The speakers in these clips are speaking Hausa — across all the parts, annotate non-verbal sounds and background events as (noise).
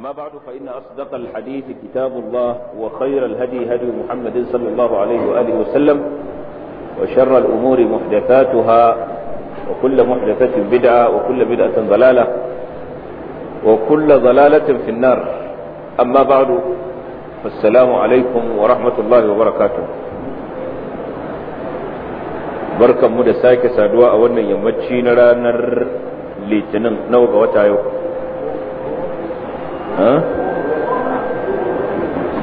أما بعد فإن أصدق الحديث كتاب الله وخير الهدي هدي محمد صلى الله عليه وآله وسلم وشر الأمور محدثاتها وكل محدثة بدعة وكل بدعة ضلالة وكل ضلالة في النار أما بعد فالسلام عليكم ورحمة الله وبركاته بركة مدساك سادواء ونن يمتشين لنر لتنن نوغ وتايوك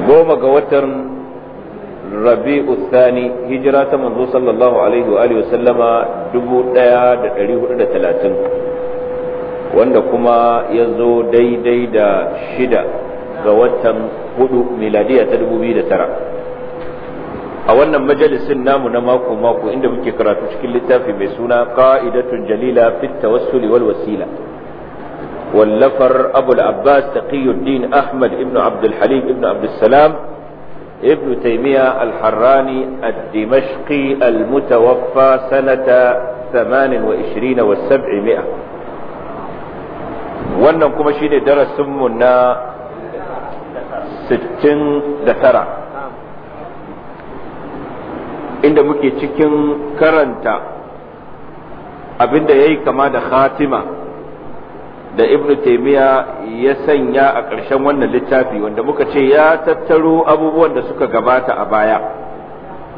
goma ga watan rabi'u thani hijira ta manzo sallallahu alaihi wa alihi sallama 1430 wanda kuma ya zo daidai da shida ga watan hudu miladiya ta 2009 a wannan majalisin namu na mako mako inda muke karatu cikin littafi mai suna qa'idatun jalila fit tawassuli wal wasila wallafar abul abbas taqiyuddin ahmad ibn abdul halim ibn abdul salam ابن تيمية الحراني الدمشقي المتوفى سنة ثمان وعشرين والسبعمائة wannan kuma shi ne darasinmu na 69 inda muke cikin karanta abinda ya yi kama da khatima da ibnu taimiya ya sanya a ƙarshen wannan littafi wanda muka ce ya tattaro abubuwan da suka gabata a baya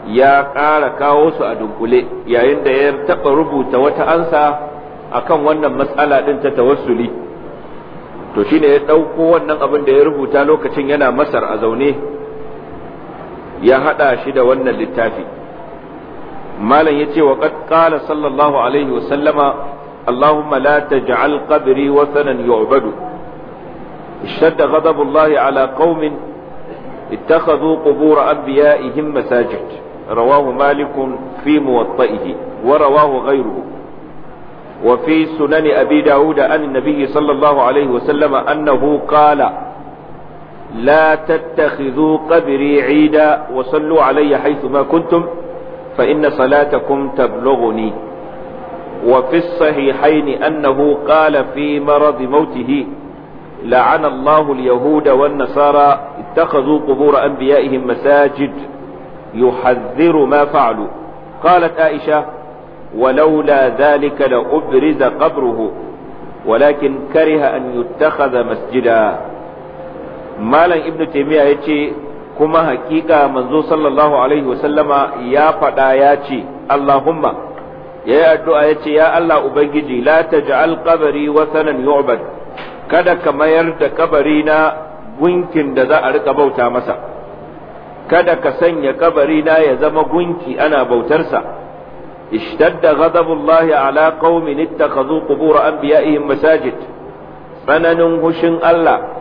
ya ƙara kawo su a dunkule yayin da ya taɓa rubuta wata ansa akan wannan matsala ɗin ta tawassuli to shine ya ɗauko wannan abin da ya rubuta lokacin yana masar a zaune ya haɗa shi da wannan littafi malam ya ce wa ƙaƙƙala sallallahu alaihi wasallama اللهم لا تجعل قبري وثنا يعبد اشتد غضب الله على قوم اتخذوا قبور أنبيائهم مساجد رواه مالك في موطئه ورواه غيره وفي سنن أبي داود عن النبي صلى الله عليه وسلم أنه قال لا تتخذوا قبري عيدا وصلوا علي حيث ما كنتم فإن صلاتكم تبلغني وفي الصحيحين أنه قال في مرض موته لعن الله اليهود والنصارى اتخذوا قبور أنبيائهم مساجد يحذر ما فعلوا قالت عائشة ولولا ذلك لأبرز قبره ولكن كره أن يتخذ مسجدا مالا ابن تيمية يتي كما حقيقة منذ صلى الله عليه وسلم يا فدا اللهم اللهم ya yi addu'a ya ce ya Allah Ubangiji la ta ja'al kabari wasanan yu'bad kada ka mayar da kabari na gunkin da za a rika bauta masa kada ka sanya kabari na ya zama gunki ana bautarsa ishtadda ghadabullahi ala qaumin ittakhadhu qubur anbiya'ihim masajid tsananin hushin Allah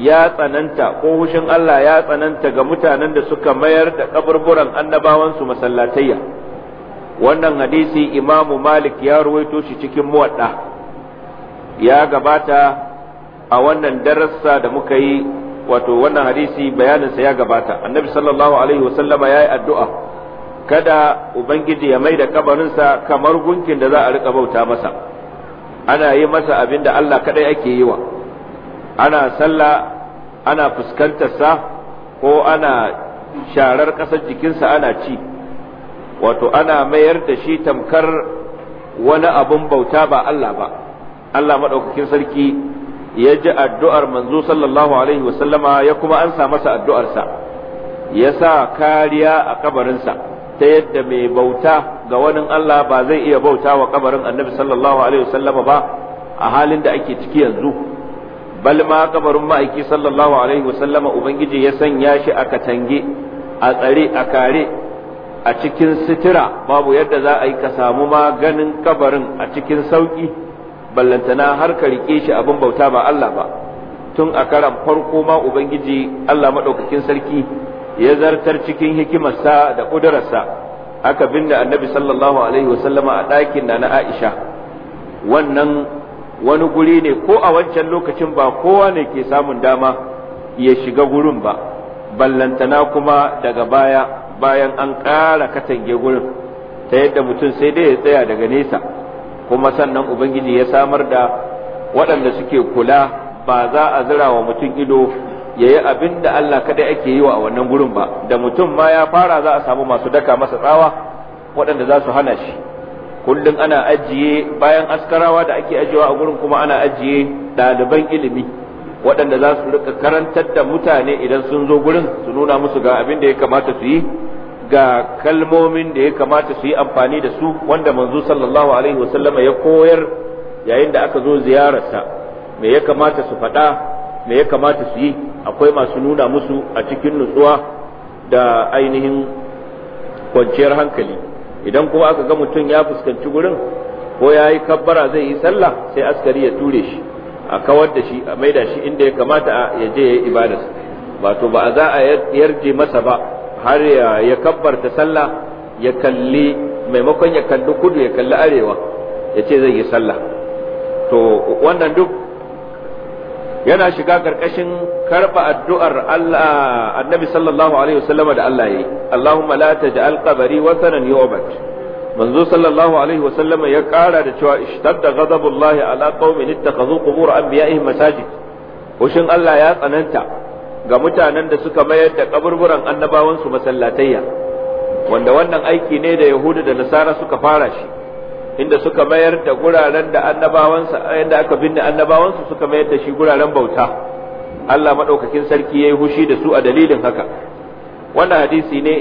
ya tsananta ko hushin Allah ya tsananta ga mutanen da suka mayar da kaburburan annabawansu masallatayya wannan hadisi imamu malik ya ruwaito shi cikin muwadda ya gabata a wannan darassa da muka yi wato wannan hadisi bayaninsa ya gabata annabi sallallahu alaihi wasallama ya yi addu'a kada ubangiji ya mai da kabarinsa kamar gunkin da za a rika bauta masa ana yi masa abin da allah kaɗai ake yi wa ana sallah ana fuskantarsa ko ana sharar ƙasar jikinsa ana ci wato ana mayar da shi tamkar wani abun bauta ba Allah ba Allah maɗaukakin sarki ya ji addu'ar manzo sallallahu alaihi wasallama ya kuma ansa masa addu'arsa ya sa kariya a kabarinsa ta yadda mai bauta ga wani Allah ba zai iya bauta wa kabarin annabi sallallahu alaihi wasallama ba a halin da ake ciki yanzu bal ma kabarin ma'aiki sallallahu alaihi wasallama ubangiji ya sanya shi a katange a tsare a kare a cikin sitira babu yadda za a yi ka samu maganin kabarin a cikin sauƙi ballantana har ka riƙe shi abin bauta ba Allah ba tun a karan farko ma ubangiji Allah madaukakin sarki ya zartar cikin hikimarsa da ƙudurarsa aka binne annabi sallallahu alaihi wasallama a ɗakin da na Aisha wannan wani guri ne ko a wancan lokacin ba kowa ne ke samun dama ya shiga gurin ba ballantana kuma daga baya bayan an ƙara katange gurin ta yadda mutum sai dai ya tsaya daga nesa kuma sannan ubangiji ya samar da waɗanda suke kula ba za a zira wa mutum ido ya yi abin da Allah kaɗai ake yi wa a wannan gurin ba da mutum ma ya fara za a samu masu daka masa tsawa waɗanda za su hana shi kullum ana ajiye bayan askarawa da ake ajiyewa a gurin kuma ana ajiye ɗaliban ilimi waɗanda za su rika karantar da mutane idan sun zo gurin su nuna musu ga abin da ya kamata su yi ga kalmomin da ya kamata su yi amfani da su wanda manzo sallallahu alaihi wasallama ya koyar yayin da aka zo ziyararsa me ya kamata su faɗa me ya kamata su yi akwai masu nuna musu a cikin nutsuwa da ainihin kwanciyar hankali idan kuma aka ga mutum ya fuskanci gurin ko ya yi kabbara zai yi sallah sai askari ya ture shi a kawar da shi a maida shi inda ya kamata ya je ya yi ibadarsa wato ba a za a yarje masa ba har ya kabbarta sallah ya kalli maimakon ya kalli kudu ya kalli arewa ya ce zai yi sallah to wannan duk yana shiga karkashin karba addu'ar annabi sallallahu alaihi wasallama da Allah yi Allahumma la taj'al qabri wasanan yu'bad manzo sallallahu alaihi wasallama ya kara da cewa ishtadda ghadabullahi ala qaumin ittakhadhu qubur anbiya'ihim masajid hushin Allah ya tsananta ga mutanen da suka mayar da kaburburan annabawansu masallatayya wanda wannan aiki ne da yahudu da nasara suka fara shi inda suka mayar da guraren da annabawansa inda aka binne annabawansu suka mayar da shi guraren bauta Allah madaukakin sarki yayi hushi da su a dalilin haka wannan hadisi ne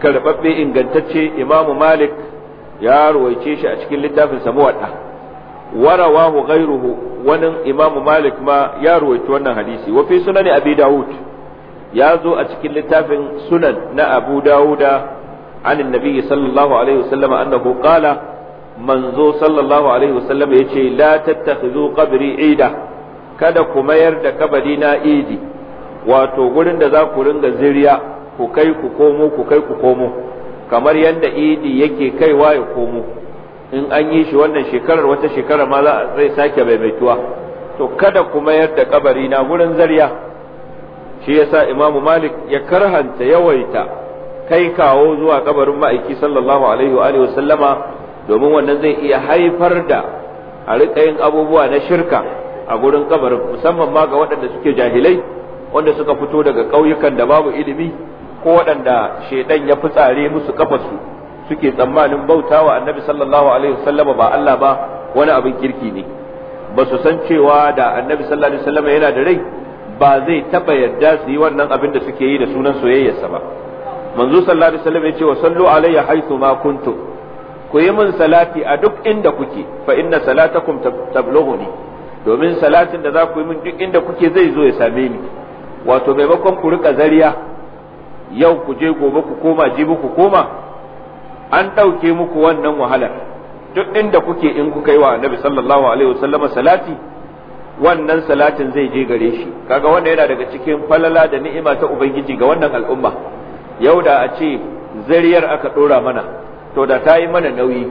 karbabbe ingantacce Imam Malik ya ruwaice shi a cikin littafin Samuwadda warawahu ghayruhu wani imamu malik ma ya ruwaici wannan hadisi wa fi sunan abi daud ya zo a cikin littafin sunan na abu dauda an annabi sallallahu alaihi wasallam annahu qala manzo sallallahu alaihi wasallam yace la tattakhidhu qabri ida kada ku mayar da kabari na idi wato wurin da za ku ringa ziriya ku kai ku komo ku kai ku komo kamar yadda idi yake kaiwa ya komo in an yi shi wannan shekarar wata shekarar ma za zai sake maimaituwa to kada kuma yadda kabari na gurin zarya shi yasa imamu malik ya karhanta yawaita kai kawo zuwa kabarin ma'aiki sallallahu alaihi wa alihi sallama domin wannan zai iya haifar da a riƙa yin abubuwa na shirka a gurin kabarin musamman ma ga waɗanda suke jahilai wanda suka fito daga ƙauyukan da babu ilimi ko waɗanda shedan ya fi fitsare musu kafarsu suke tsammanin bautawa annabi sallallahu alaihi wasallam ba Allah ba wani abin kirki ne ba su san cewa da annabi sallallahu alaihi wasallam yana da rai ba zai taba yadda su yi wannan abin da suke yi da sunan soyayyarsa ba manzo sallallahu alaihi wasallam ya ce wa sallu alayya haythu ma kuntum ku yi min salati a duk inda kuke fa inna salatakum tablughuni domin salatin da za ku yi min duk inda kuke zai zo ya same ni wato maimakon ku rika zariya yau ku je gobe ku koma jibi ku koma an ɗauke muku wannan wahalar duk inda kuke in kuka yi wa annabi sallallahu alaihi wasallama salati wannan salatin zai je gare shi kaga wanda yana daga cikin falala da ni'ima ta ubangiji ga wannan al'umma yau da a ce zariyar aka ɗora mana to da ta yi mana nauyi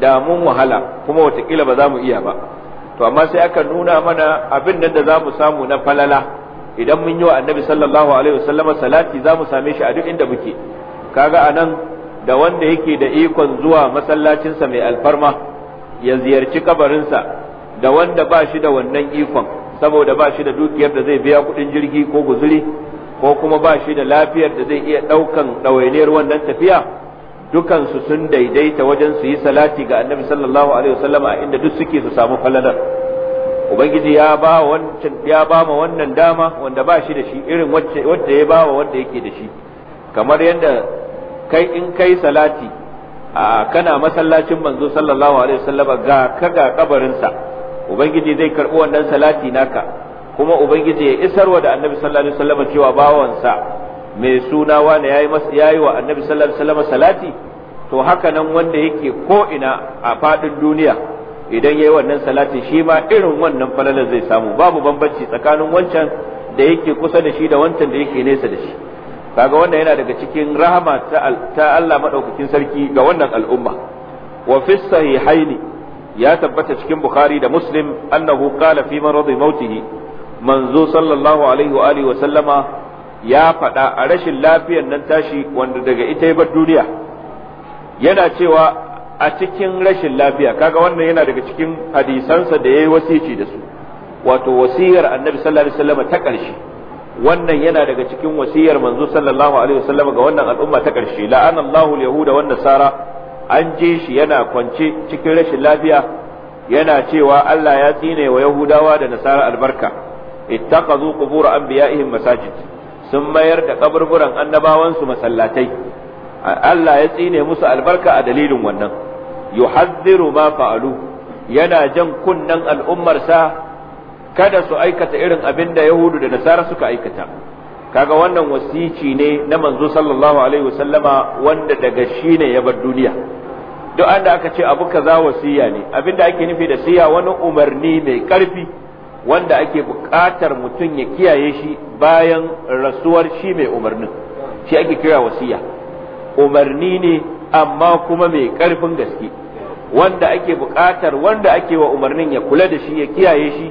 da mun wahala kuma watakila ba za mu iya ba to amma sai aka nuna mana abin nan da za mu samu na falala idan mun yi wa annabi sallallahu alaihi wasallama salati za mu same shi a duk inda muke kaga anan da wanda yake da ikon zuwa masallacinsa mai alfarma ya ziyarci kabarinsa da wanda ba shi da wannan ikon saboda ba shi da dukiyar da zai biya kudin jirgi ko guzuri ko kuma ba shi da lafiyar da zai iya ɗaukan ɗawainiyar wannan tafiya dukansu sun daidaita wajen su yi salati ga annabi sallallahu alaihi wasallam a inda duk suke su samu falalar ubangiji ya ba wancan ya ba ma wannan dama wanda ba shi da shi irin wacce wanda ya ba wa wanda yake da shi kamar yadda kai in kai salati a kana masallacin manzo sallallahu alaihi wasallama ga ka ga kabarinsa ubangiji zai karbi wannan salati naka kuma ubangiji ya isarwa da annabi sallallahu alaihi wasallama cewa bawansa mai suna wani yayi yayi wa annabi sallallahu alaihi wasallama salati to haka nan wanda yake ko ina a fadin duniya idan yayi wannan salati shi ma irin wannan falalar zai samu babu bambanci tsakanin wancan da yake kusa da shi da wancan da yake nesa da shi kaga wannan yana daga cikin rahama ta Allah madaukakin sarki ga wannan al'umma wa fi sahihaini ya tabbata cikin bukhari da muslim annahu qala fi maradi mautihi manzo sallallahu alaihi wa alihi wa sallama ya faɗa a rashin lafiyar nan tashi wanda daga ita ya bar duniya yana cewa a cikin rashin lafiya kaga wannan yana daga cikin hadisansa da yayi wasici da su wato wasiyar annabi sallallahu alaihi wa sallama ta ƙarshe wannan yana daga cikin wasiyar manzo sallallahu alaihi wasallam ga wannan al'umma ta karshe la'anallahu al wan nasara an je shi yana kwance cikin rashin lafiya yana cewa Allah ya tsine wa yahudawa da nasara albarka ittaqazu qubur anbiya'ihim masajid sun mayar da kaburburan annabawan su masallatai Allah ya tsine musu albarka a dalilin wannan yuhadhdhiru ma fa'alu yana jan kunnan al'ummarsa kada su aikata irin abin da yahudu da nasara suka aikata kaga wannan wasici ne na manzo sallallahu alaihi wasallama wanda daga shi ne ya bar duniya duk anda aka ce abu kaza wasiya ne abin da ake nufi da siya wani umarni mai karfi wanda ake buƙatar mutum ya kiyaye shi bayan rasuwar shi mai umarnin shi ake kira wasiya umarni ne amma kuma mai karfin gaske wanda ake buƙatar wanda ake wa umarnin ya kula da shi ya kiyaye shi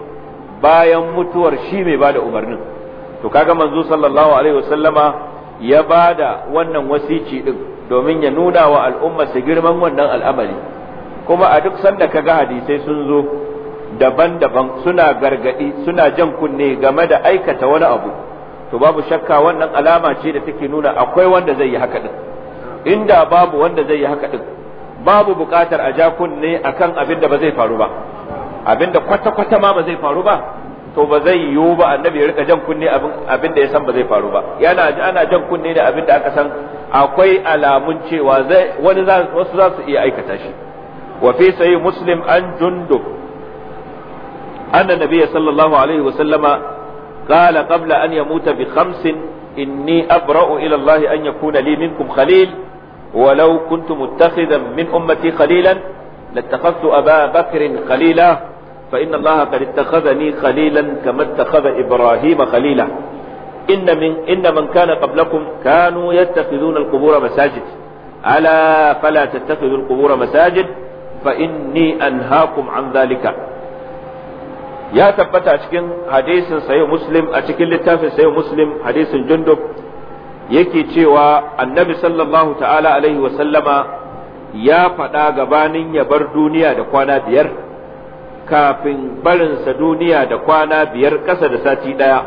bayan mutuwar shi mai bada umarnin to kaga manzo sallallahu alaihi wasallama ya bada wannan wasici din domin ya nuna wa al'umma su girman wannan al'amari kuma a duk sanda kaga hadisai sun zo daban-daban suna gargadi suna jan kunne game da aikata wani abu to babu shakka wannan alama ce da take nuna akwai wanda zai yi haka din inda babu wanda zai yi haka din babu bukatar a ja kunne akan abin da ba zai faru ba abinda kwata-kwata ma ba zai faru ba to ba zai yiwu ba annabi ya rika jan kunne abin da ya san ba zai faru ba yana ana jan kunne da abin da aka san akwai alamun cewa wani wasu za su iya aikata shi wa fi sayi muslim an jundub anna nabiyya sallallahu alaihi wa sallama qala qabla an yamuta bi khamsin inni abra'u ila Allah an yakuna li minkum khalil ولو كنت متخذا من أمتي خليلا لاتخذت أبا بكر خليلا فإن الله قد اتخذني خليلا كما اتخذ إبراهيم خليلا إن من إن من كان قبلكم كانوا يتخذون القبور مساجد ألا فلا تتخذوا القبور مساجد فإني أنهاكم عن ذلك يا ثبت أشكن حديث صحيح مسلم أشكن للتافه صحيح مسلم حديث جندب yake cewa annabi sallallahu ta'ala alaihi wasallama ya faɗa gabanin ya bar duniya da kwana biyar kafin barinsa duniya da kwana biyar ƙasa da sati ɗaya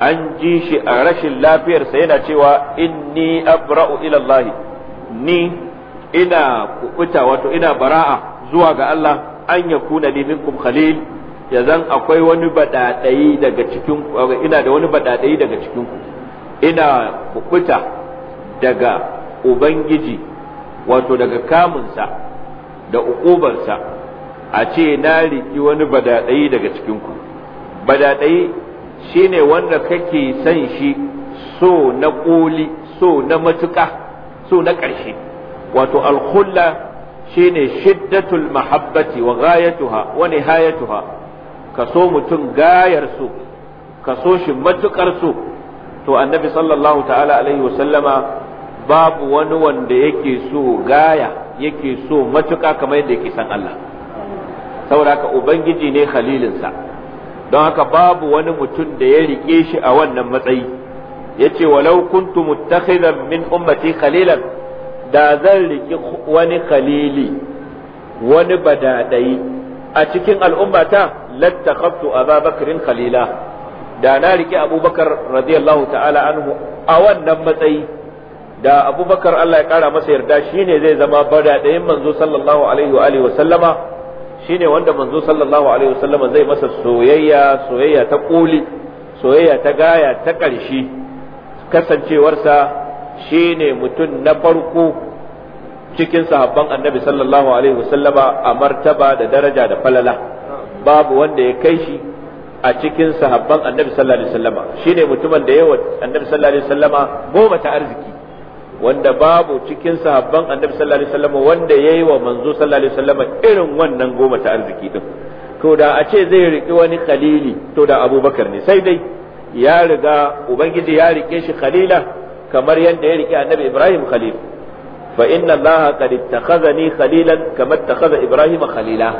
an ji shi a rashin lafiyarsa yana cewa inni abra'u ilallahi ni ina kubuta wato ina bara'a zuwa ga Allah an ya kuna li minkum khalil ya zan akwai wani baɗaɗayi daga cikin ina da wani baɗaɗayi daga cikin ku ina kubuta daga ubangiji wato daga kamunsa da ukubarsa a ce na riki wani badaɗayi daga cikinku shi ne wanda kake son shi so na ƙoli so na matuƙa so na ƙarshe wato alkhulla shine shiddatul mahabbati wa ghayatuha wa nihayatuha ka so mutum gayar so ka so shi matuƙar so to annabi sallallahu ta'ala alaihi wasallama babu wani wanda yake so gaya yake so matuƙa kamar yadda yake san Allah saboda haka ubangiji ne khalilinsa don haka babu wani mutum da ya riƙe shi a wannan matsayi ce walau kuntu muttakhidan min ummati khalilan da zan riƙi wani khalili wani badadai a cikin al'ummata lattakhaftu ababakrin khalila da na riki abubakar radiyallahu ta'ala anhu a wannan matsayi da abubakar Allah ya kara masa yarda shine zai zama badadayin manzo sallallahu alaihi wa alihi wa sallama shine wanda manzo sallallahu alaihi wasallama zai masa soyayya soyayya ta koli soyayya ta gaya ta ƙarshe kasancewarsa shine mutum na farko cikin sahabban annabi sallallahu alaihi wasallama a martaba da daraja da falala babu wanda ya kai shi a cikin sahabban annabi sallallahu alaihi wasallama shine mutumin da yawa annabi sallallahu alaihi wasallama goma ta arziki wanda babu cikin sahabban annabi sallallahu alaihi wasallam wanda yayi wa manzo sallallahu alaihi wasallam irin wannan goma ta arziki din to da a ce zai riki wani khalili to da abubakar ne sai dai ya riga ubangiji ya rike shi khalila kamar yadda ya rike annabi ibrahim khalil fa inna allaha qad ittakhadhani khalilan kama ittakhadha ibrahim khalila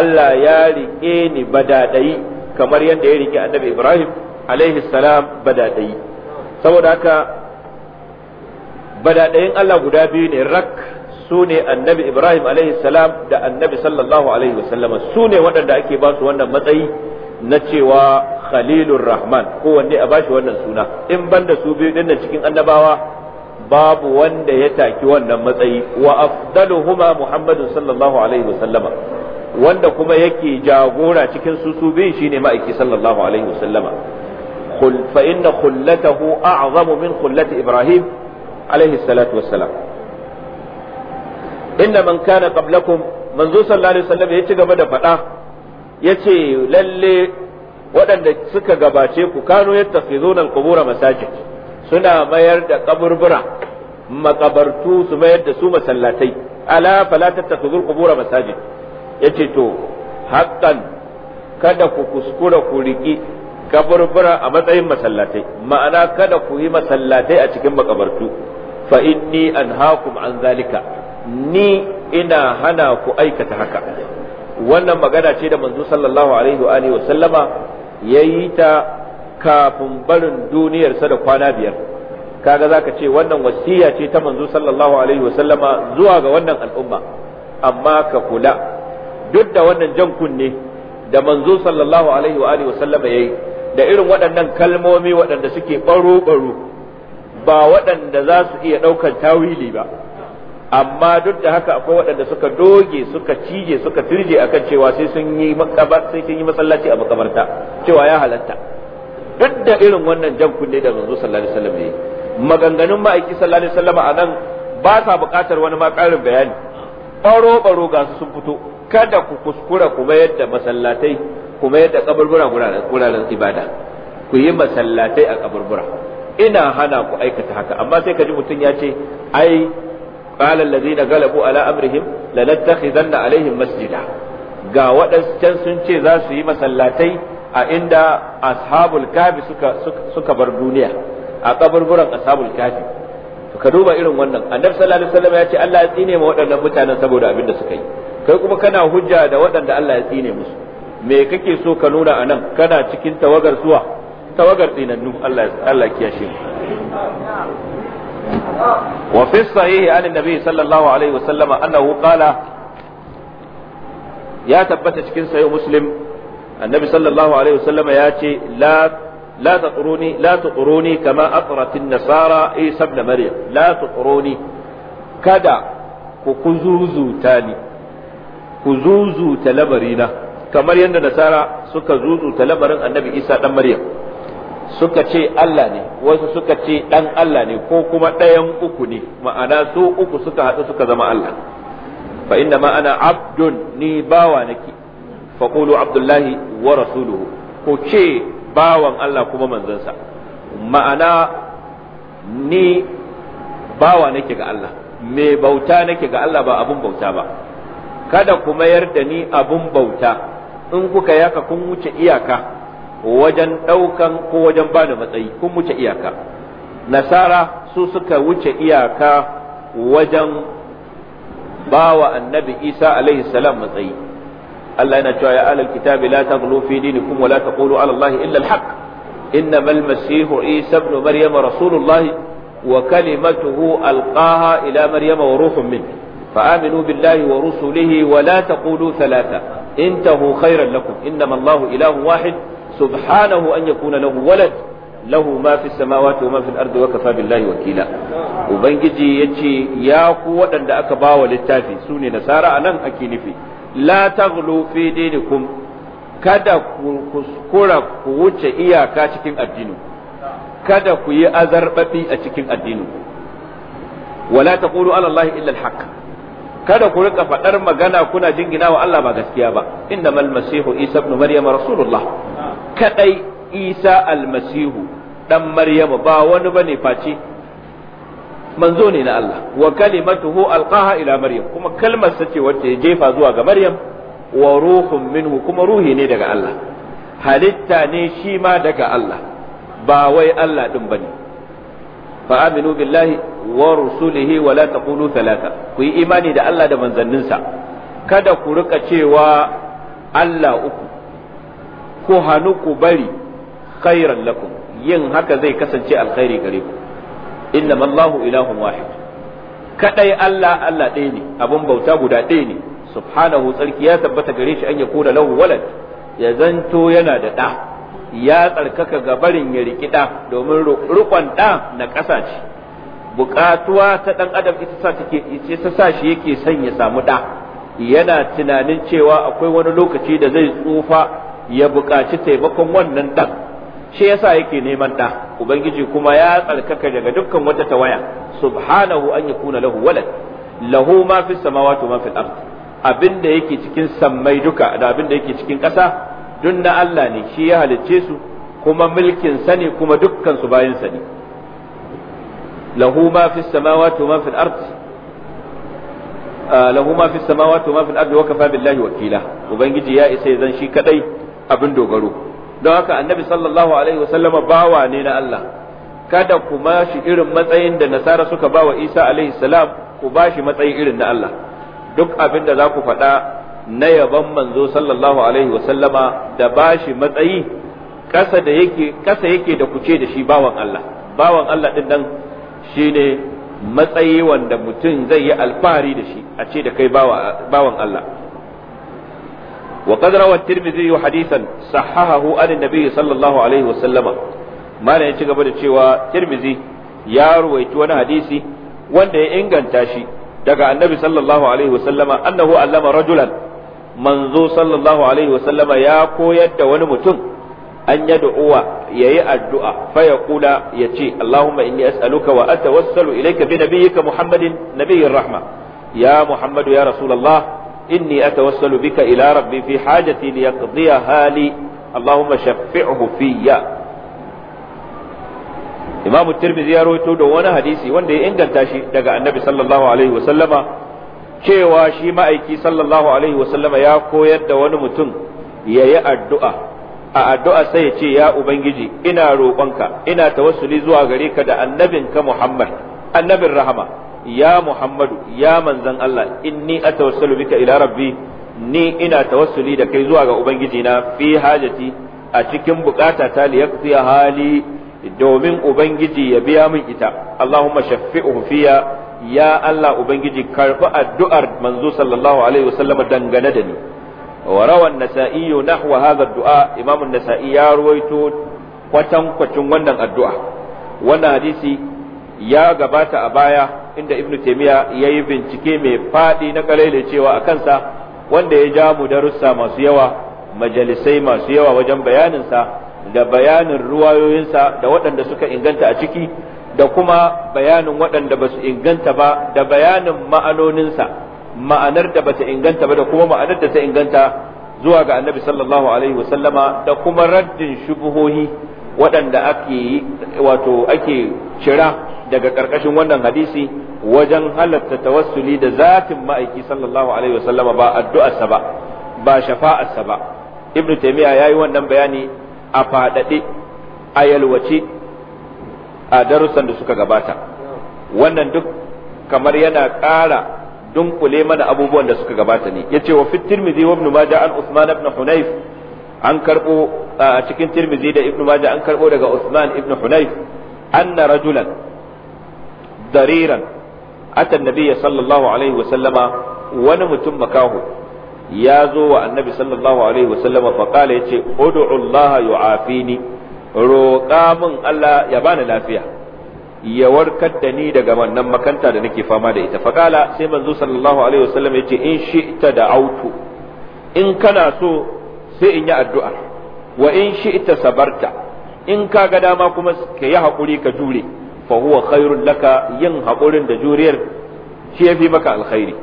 Allah ya rike ni badadai kamar yadda ya rike annabi ibrahim alaihi salam badadai saboda haka badadayin Allah guda biyu ne rak su ne annabi Ibrahim alaihi salam da annabi sallallahu alaihi wasallama su ne waɗanda ake ba su wannan matsayi na cewa khalilur rahman kowanne a bashi wannan suna in banda su biyu dinnan cikin annabawa babu wanda ya taki wannan matsayi wa afdaluhuma muhammadun sallallahu alaihi wasallama wanda kuma yake jagora cikin su su biyu shine ma'aiki sallallahu alaihi wasallama fa inna a'a zabu min khullati ibrahim alaihi salatu wassalam inda man kana qablakum manzo sallallahu alaihi wasallam ya ci gaba da faɗa yace lalle waɗanda suka gabace ku kano yattakhizuna alqubura masajid suna mayar da kaburbura makabartu su mayar da su masallatai ala fala tattakhizul qubura masajid yace to haqqan kada ku kuskura ku riki kaburbura a matsayin masallatai ma'ana kada ku yi masallatai a cikin makabartu fa inni anhaakum an zalika ni ina hana ku aikata haka wannan magana ce da manzo sallallahu alaihi wa alihi wasallama yayi ta kafin barin duniyar sa da kwana biyar kaga zaka ce wannan wasiya ce ta manzo sallallahu alaihi sallama zuwa ga wannan al'umma amma ka kula duk da wannan jan kunne da manzo sallallahu alaihi wa alihi wasallama yayi da irin waɗannan kalmomi waɗanda suke baro baro ba waɗanda za su iya ɗaukar tawili ba amma duk da haka akwai waɗanda suka doge suka cije suka turje akan cewa sai sun yi sai sun yi masallaci a makamarta cewa ya halatta duk da irin wannan jan kunne da manzo sallallahu alaihi wasallam ne maganganun ma'aiki sallallahu alaihi wasallam a nan ba sa buƙatar wani ma ƙarin bayani baro baro ga su sun fito kada ku kuskura ku mayar da masallatai ku mayar da kaburbura guraren ibada ku yi masallatai a kaburbura ina hana ku aikata haka amma sai ka ji mutum ya ce ai qala allazina galabu ala amrihim lanattakhidanna alaihim masjida ga waɗancan sun ce za su yi masallatai a inda ashabul kafi suka suka bar duniya a kaburburan ashabul kafi to ka duba irin wannan annabi sallallahu alaihi wasallam ya ce Allah ya tsine ma waɗannan mutanen saboda abin da suka yi kai kuma kana hujja da waɗanda Allah ya tsine musu me kake so ka nuna anan kana cikin tawagar suwa tawagar dinannu Allah Allah kiyashe mu wa fi sahihi an sallallahu alaihi annahu qala ya tabbata cikin sahih muslim annabi sallallahu alaihi wasallam ya ce la لا تطروني لا تطروني كما أطرت النصارى عيسى ابن مريم ku تطروني كدا كوكوزوزو تاني كوزوزو تلبرينا كما يند نصارى سكزوزو labarin annabi isa dan maryam. suka ce Allah ne wasu suka ce dan Allah ne ko kuma ɗayan uku ne ma'ana su uku suka haɗu suka zama Allah fa inna ma abdun ni bawa nake fa qulu abdullahi wa rasuluhu ko ce bawan Allah kuma manzansa ma'ana ni bawa nake ga Allah me bauta nake ga Allah ba abun bauta ba kada ku mayar da ni abun bauta in kuka yaka kun wuce iyaka wajen ɗaukan ko wajen bada matsayi kun wuce iyaka nasara su suka wuce iyaka wajen bawa annabi isa alaihi salam matsayi Allah yana cewa ya alal kitabi la taghlu fi dinikum wa la taqulu ala Allah illa al-haq إنما المسيح عيسى ابن مريم رسول الله وكلمته ألقاها إلى مريم وروح منه فآمنوا بالله ورسله ولا تقولوا ثلاثة انتهوا خيرا لكم إنما الله إله واحد subhanahu an yakuna lahu walad lahu ma fi samawati wa ma fil ardi wa kafa billahi wakila ubangiji yace ya ku waɗanda aka bawa littafi su ne nasara anan ake nufi la taghlu fi dinikum kada ku kuskura ku wuce iyaka cikin addinin kada ku yi azarbabi a cikin addinin wala taqulu ala illa al kada ku rika faɗar magana kuna jingina wa Allah ba gaskiya ba inda malmasihu isa ibn maryam rasulullah kadai isa almasihu dan maryam ba wani bane face manzo ne na Allah wa kalimatuhu alqaha ila maryam kuma kalmar sa ce wacce ya jefa zuwa ga maryam wa ruhun minhu kuma ruhi ne daga Allah halitta ne shi ma daga Allah ba wai Allah din bane fa aminu billahi wa rusulihi wa la taqulu kuyi imani da Allah da manzanninsa kada ku rika cewa Allah uku ku ku bari khairan lakum yin haka zai kasance alkhairi gare ku innama Allahu ilahun wahid kadai Allah Allah ɗaya ne abun bauta guda ɗaya ne subhanahu tsarki ya tabbata gare shi an yakuna lahu walad ya zanto yana da ɗa ya tsarkaka ga barin ya domin rukon ɗa na ƙasa ce buƙatuwa ta ɗan adam ita sa take ita sa shi yake son ya samu ɗa yana tunanin cewa akwai wani lokaci da zai tsufa ya buƙaci taimakon wannan ɗan shi yasa yake neman ɗa ubangiji kuma ya tsarkaka daga dukkan wata tawaya subhanahu an yakuna lahu walad lahu ma fi samawati ma fi abinda yake cikin sammai duka da abinda yake cikin ƙasa Dun na Allah ne shi ya halicce su kuma mulkin sa ne kuma dukkan su bayin sa ne lahu ma fi samawati wa ma fil ard lahu ma fi samawati wa ma fil ard wa kafa billahi wakila ubangiji ya isa zan shi kadai abin dogaro don haka annabi sallallahu alaihi wasallama bawa ne na Allah kada ku ma shi irin matsayin da nasara suka ba wa Isa alaihi salam ku ba shi matsayin irin na Allah duk abin da za ku faɗa na yaban manzo sallallahu alaihi wasallama da bashi matsayi kasa da yake kasa yake da kuce da shi bawan Allah bawan Allah din nan shine matsayi wanda mutum zai yi alfahari da shi a ce da kai bawan Allah wa qad rawa at-tirmidhi hadisan sahahahu an an-nabi sallallahu alaihi wasallama malam ya ci gaba da cewa tirmizi ya ruwaito wani hadisi wanda ya inganta shi daga annabi sallallahu alaihi wasallama annahu allama rajulan manzo sallallahu alaihi wasallama ya koyar da wani mutum an ya du'uwa yayi addu'a fa ya kula ya ce Allahumma inni as'aluka wa atawassalu ilayka bi nabiyyika Muhammadin nabiyyir rahma ya Muhammadu ya Rasulullah inni atawassalu bika ila rabbi fi hajati li yaqdiya hali Allahumma shaffi'hu fiyya Imam Tirmidhi ya rawaito da wani hadisi wanda ya inganta shi daga Annabi sallallahu alaihi wasallama cewa shi ma'aiki sallallahu alaihi wasallama ya koyar da wani mutum ya yi addu'a a addu'a sai ya ce ya ubangiji ina roƙonka ina tawassuli zuwa gare ka da annabinka muhammad annabin rahama ya muhammadu ya manzan allah inni atawassalu bika ila rabbi ni ina tawassuli da kai zuwa ga ubangiji na fi hajati a cikin bukata ta hali domin ubangiji ya biya min ita allahumma shaffi'hu fiya ya Allah ubangiji karɓi addu'ar manzo sallallahu alaihi wasallam dangane da ni wa rawan nasa'i nahwa hadha du'a imamu nasa'i ya ruwaito kwatan kwacin wannan addu'a wannan hadisi ya gabata a baya inda ibnu taymiya yayi bincike mai faɗi na kalaile cewa a kansa wanda ya ja mu darussa masu yawa majalisai masu yawa wajen bayaninsa da bayanin ruwayoyinsa da waɗanda suka inganta a ciki da kuma bayanin waɗanda ba su inganta ba da bayanin ma'anoninsa ma'anar da ba ta inganta ba da kuma ma'anar da ta inganta zuwa ga annabi sallallahu alaihi wasallama da kuma raddin shubuhohi waɗanda ake wato ake cira daga ƙarƙashin wannan hadisi wajen halatta tawassuli da zatin ma'aiki sallallahu alaihi wasallama ba addu'arsa ba ba shafa'arsa ba ibnu taymiya yayi wannan bayani a faɗaɗe a yalwace a darussan da suka gabata wannan duk kamar yana ƙara dunkule mana abubuwan da suka gabata ne yace wa fit tirmidhi wa ibn majah an usman ibn hunayf an karbo a cikin tirmidhi da ibn majah an karbo daga usman ibn hunayf anna rajulan dariran ata annabi sallallahu alaihi wa sallama wani mutum makaho ya zo wa annabi sallallahu alaihi wa sallama fa qala yace ud'u allaha yu'afini roƙa min Allah ya bani lafiya ya warkar da ni daga wannan makanta da nake fama da ita faƙala sai manzo sallallahu alaihi wasallam ya ce in shi'ta da autu in kana so sai in yi addu'a wa in shi'ta sabarta in ka ga dama kuma ka yi haƙuri ka jure fa huwa khairul laka yin haƙurin da juriyar shi yafi maka alkhairi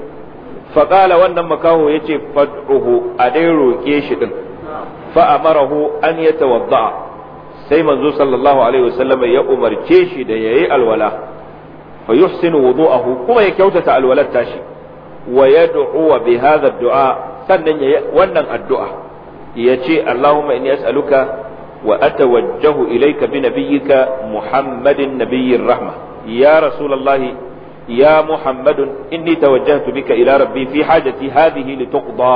faƙala wannan makaho yace ce fad'uhu a dai roke shi din fa amarahu an yatawadda sai manzo sallallahu alaihi wasallam ya umarce shi da yayi alwala fa yuhsinu wudu'ahu kuma ya kyautata alwalar tashi wa yad'u bi hadha ad-du'a sannan yayi wannan addu'a yace Allahumma inni as'aluka wa atawajjahu ilayka bi nabiyyika Muhammadin nabiyyir rahma ya rasulullahi يا محمد إني توجهت بك إلى ربي في حاجتي هذه لتقضى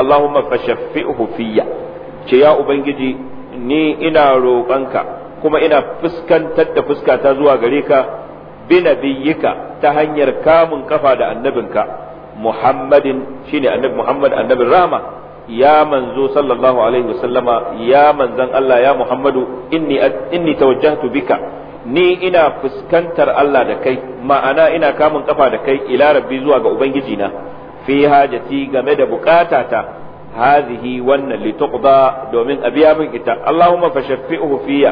اللهم فشفئه ce ya ubangiji. ni ina roƙonka kuma ina fuskantar da fuskata zuwa gare ka bi nabiyyika ta hanyar kamun kafa da annabinka muhammadin shine annabi muhammad annabin rama ya manzo sallallahu alaihi wasallama ya manzan Allah ya Muhammadu inni inni tawajjahtu bika ni ina fuskantar Allah da kai ma'ana ina kamun kafa da kai ila rabbi zuwa ga ubangiji na fi hajati game da bukatata hadhihi wannan lituqda domin a biya min ita Allahumma fashaffi'hu fiya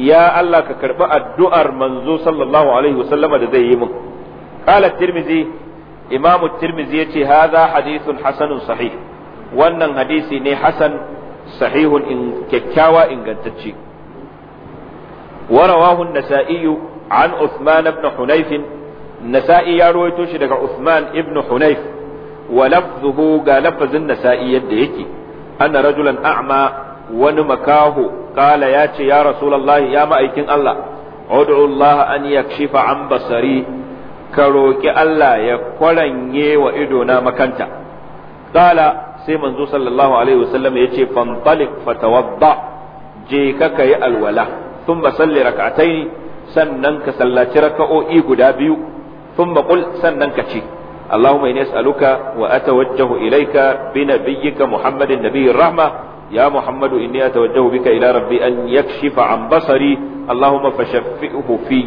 ya Allah ka karbi addu'ar manzo sallallahu alaihi wasallama da zai yi min qala tirmizi imamu tirmizi yace hadha hadithun hasanun sahih wannan hadisi ne hasan sahihun in kyakkyawa ingantacce ورواه النسائي عن عثمان بن حنيف النسائي يروي توشي عثمان ابن حنيف wa lafzuhu ga lafazin nasa'i yadda yake Ana rajulan a'ma wani makaho Ƙala ya ce ya rasulullahi ya ma'aikin Allah ud'u Allah an yakshifa an basari ka roƙi Allah ya kwaranye wa ido na makanta kala sai manzo sallallahu alaihi wasallam ya ce fantalik fatawadda je ka kayi alwala thumma salli rak'ataini sannan ka sallaci raka'o'i guda biyu thumma qul sannan ka ce اللهم إني أسألك وأتوجه إليك بنبيك محمد النبي الرحمة يا محمد إني أتوجه بك إلى ربي أن يكشف عن بصري اللهم فشفئه في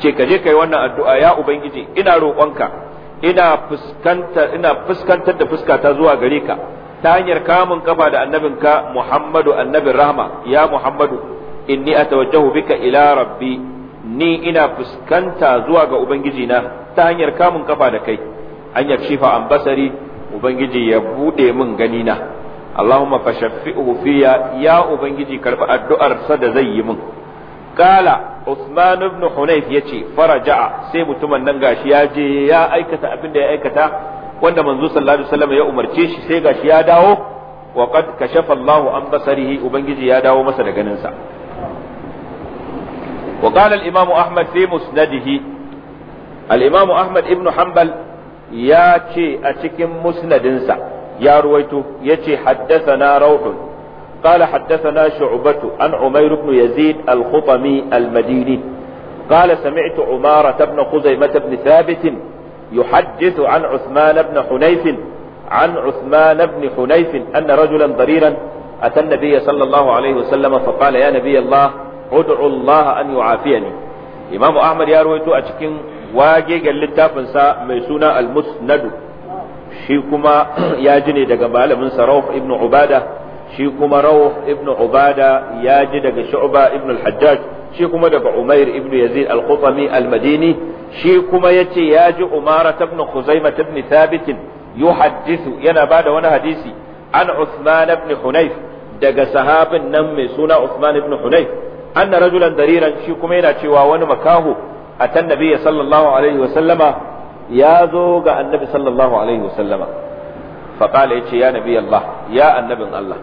ce ka je kai wannan addu'a ya ubangiji ina roƙonka ina fuskantar da fuskata zuwa gare ka ta hanyar kamun kafa da annabinka Muhammadu annabin rahma ya Muhammadu inni atawajjahu bika ila rabbi ni ina fuskanta zuwa ga ubangiji na ta hanyar kamun kafa da kai hanyar shifa an basari ubangiji ya bude min gani na Allahumma fashaffi'uhu fiya ya ubangiji karba addu'ar sa da zai yi min Kala Uthman ibn Hunayf yace faraja'a sai mutumin nan gashi ya je ya aikata abin da ya aikata wanda manzo sallallahu alaihi wasallam ya umarce shi sai gashi ya dawo wa qad kashafa Allahu an basarihi ubangiji ya dawo masa da ganin sa وقال الإمام أحمد في مسنده الإمام أحمد ابن حنبل ياتي ya ce a cikin musnadinsa ya ruwaito ya قال حدثنا شعبة عن عمير بن يزيد الخطمي المديني قال سمعت عمارة بن خزيمة بن ثابت يحدث عن عثمان بن حنيف عن عثمان بن حنيف أن رجلا ضريرا أتى النبي صلى الله عليه وسلم فقال يا نبي الله ادعو الله أن يعافيني إمام أحمد يا رويتو أشكين wage ga littafinsa mai suna al-musnadu shi kuma (clears throat) ya ji ne daga malamin sa Rauf ibn Ubada shi kuma Rauf ibn Ubada ya ji daga Shu'ba ibn al-Hajjaj shi kuma daga Umair ibn Yazid al-Qutami al-Madini shi kuma yace ya ji Umara ibn Khuzaimah ibn Thabit yuhaddithu yana bada wani hadisi an usman ibn Hunayf daga sahabin nan mai suna usman ibn Hunayf anna rajulan dariran shi kuma yana cewa wani makaho atan nabiyyi sallallahu alaihi wa sallama ya zo ga annabi sallallahu alaihi wa sallama fa qala yace ya nabi Allah ya annabin Allah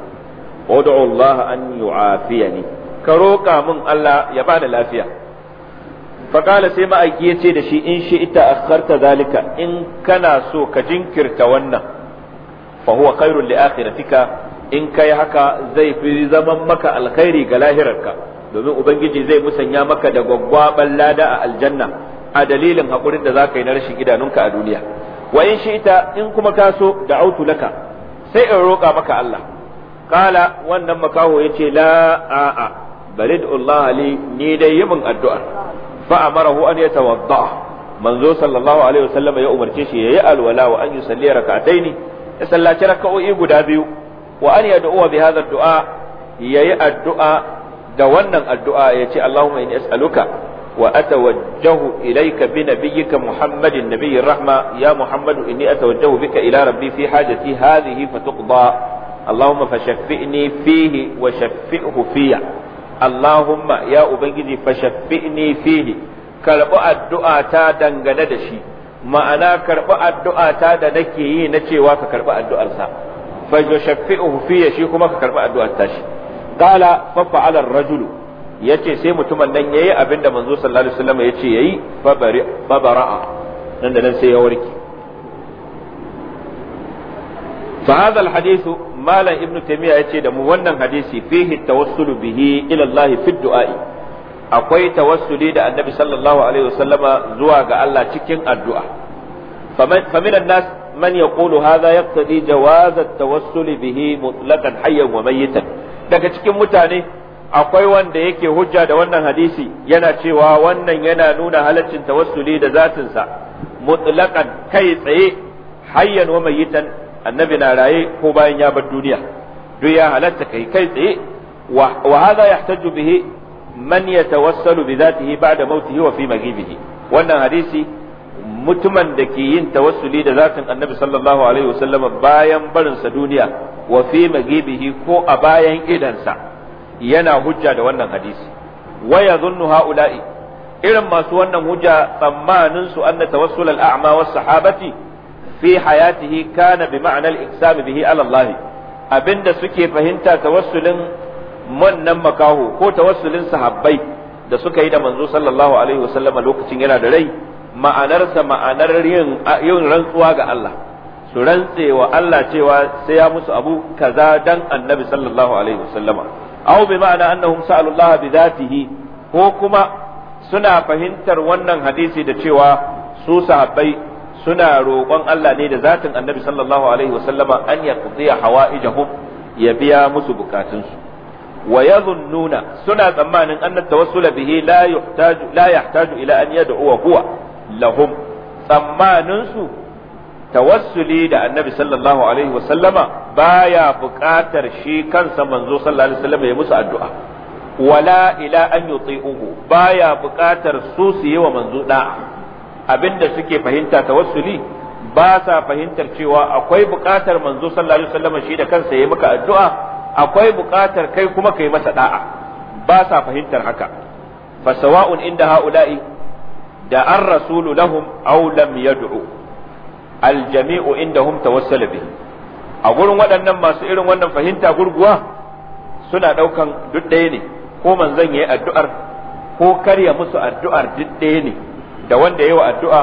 ud'u Allah an yu'afiyani ka roƙa min Allah ya bani lafiya fa sai ma'aiki yace da shi in shi ita akharta zalika in kana so ka jinkirta wannan fa huwa li akhiratika in kai haka zai fi zaman maka alkhairi ga lahirarka domin ubangiji zai musanya maka da gwaggwaban lada a aljanna a dalilin hakurin da zaka yi na rashin idanunka a duniya wa in shi ita in kuma ka so da autu laka sai in roƙa maka Allah kala wannan makaho yace la a a balid Allah li ni dai yi min addu'a fa amarahu an yatawadda manzo sallallahu alaihi wasallam ya umarce shi yayi alwala wa an yusalli rak'ataini ya sallaci raka'o'i guda biyu wa an yad'u bi hadha addu'a yayi addu'a da wannan addu'a ya ce Allahumma inni as'aluka wa atawajjahu ilayka bi nabiyyika Muhammadin nabiyyir rahma ya Muhammadu inni atawajjahu bika ila rabbi fi hajati hadhihi fatuqda Allahumma fashaffi'ni fihi wa shaffi'hu fiya. Allahumma ya ubangiji fashaffi'ni fihi karbi addu'a ta dangane da shi ma'ana karbi addu'a ta da nake yi na cewa ka karbi addu'arsa fa shaffi'hu fiya shi kuma ka karbi addu'ar ta shi qala fa fa'ala ar yace sai mutumin nan yayi abinda manzo sallallahu alaihi wasallam yace yayi fa nan da nan sai ya warke fa hadha al-hadith malam ibnu taymiya yace da mu wannan hadisi fihi tawassulu bihi ila Allah fi du'a'i akwai tawassuli da annabi sallallahu alaihi wasallama zuwa ga Allah cikin addu'a man الناس من يقول هذا يقتضي جواز التوسل به مطلقا حيا وميتا daga cikin mutane akwai wanda yake hujja da wannan hadisi yana cewa wannan yana nuna halaccin tawassuli da zatinsa mutlaqan kai tsaye hayyan wa mayitan annabi na raye ko bayan ya bar duniya duk ya halatta kai kai tsaye wa hadha yahtaju bihi man yatawassalu bi zatihi ba'da mautihi wa fi maghibihi wannan hadisi mutumin da ke yin tawassuli da zatin annabi sallallahu alaihi wasallam bayan barinsa duniya wa fi magibihi ko a bayan idansa yana hujja da wannan hadisi wa yadhunnu haula'i irin masu wannan hujja tsammanin su anna tawassul al was sahabati fi hayatihi kana bi ma'anar al bihi ala Allah abinda suke fahimta tawassulin wannan makaho ko tawassulin sahabbai da suka yi da manzo sallallahu alaihi wasallam lokacin yana da rai ma'anarsa ma'anar yin rantsuwa ga Allah su rantse wa Allah cewa sai ya musu abu kaza dan annabi sallallahu alaihi wasallama aw bi ma'ana annahum sa'alu Allah bi zatihi ko kuma suna fahimtar wannan hadisi da cewa su sahabbai suna roƙon Allah ne da zatin annabi sallallahu alaihi wasallama an yaqdiya hawaijahum ya biya musu bukatunsu wa yadhunnuna suna tsammanin anna tawassula bihi la yuhtaju la yahtaju ila an yad'uwa huwa lahum tsammaninsu tawassuli da annabi sallallahu alaihi wasallama baya buƙatar shi kansa manzo sallallahu alaihi wasallama ya musu addu'a wala ila an yuti'uhu baya buƙatar su su yi wa manzo da'a abinda suke fahimta tawassuli ba sa fahimtar cewa akwai buƙatar manzo sallallahu alaihi wasallama shi da kansa ya maka addu'a akwai buƙatar kai kuma kai masa da'a ba sa fahimtar haka fa sawa'un inda ha'ula'i da an rasulu lahum aw lam yad'u al jami'u indahum tawassal bihi a gurin waɗannan masu irin wannan fahimta gurguwa suna ɗaukan duk ɗaya ne ko manzan yayi addu'ar ko karya musu addu'ar duk ɗaya ne da wanda yayi wa addu'a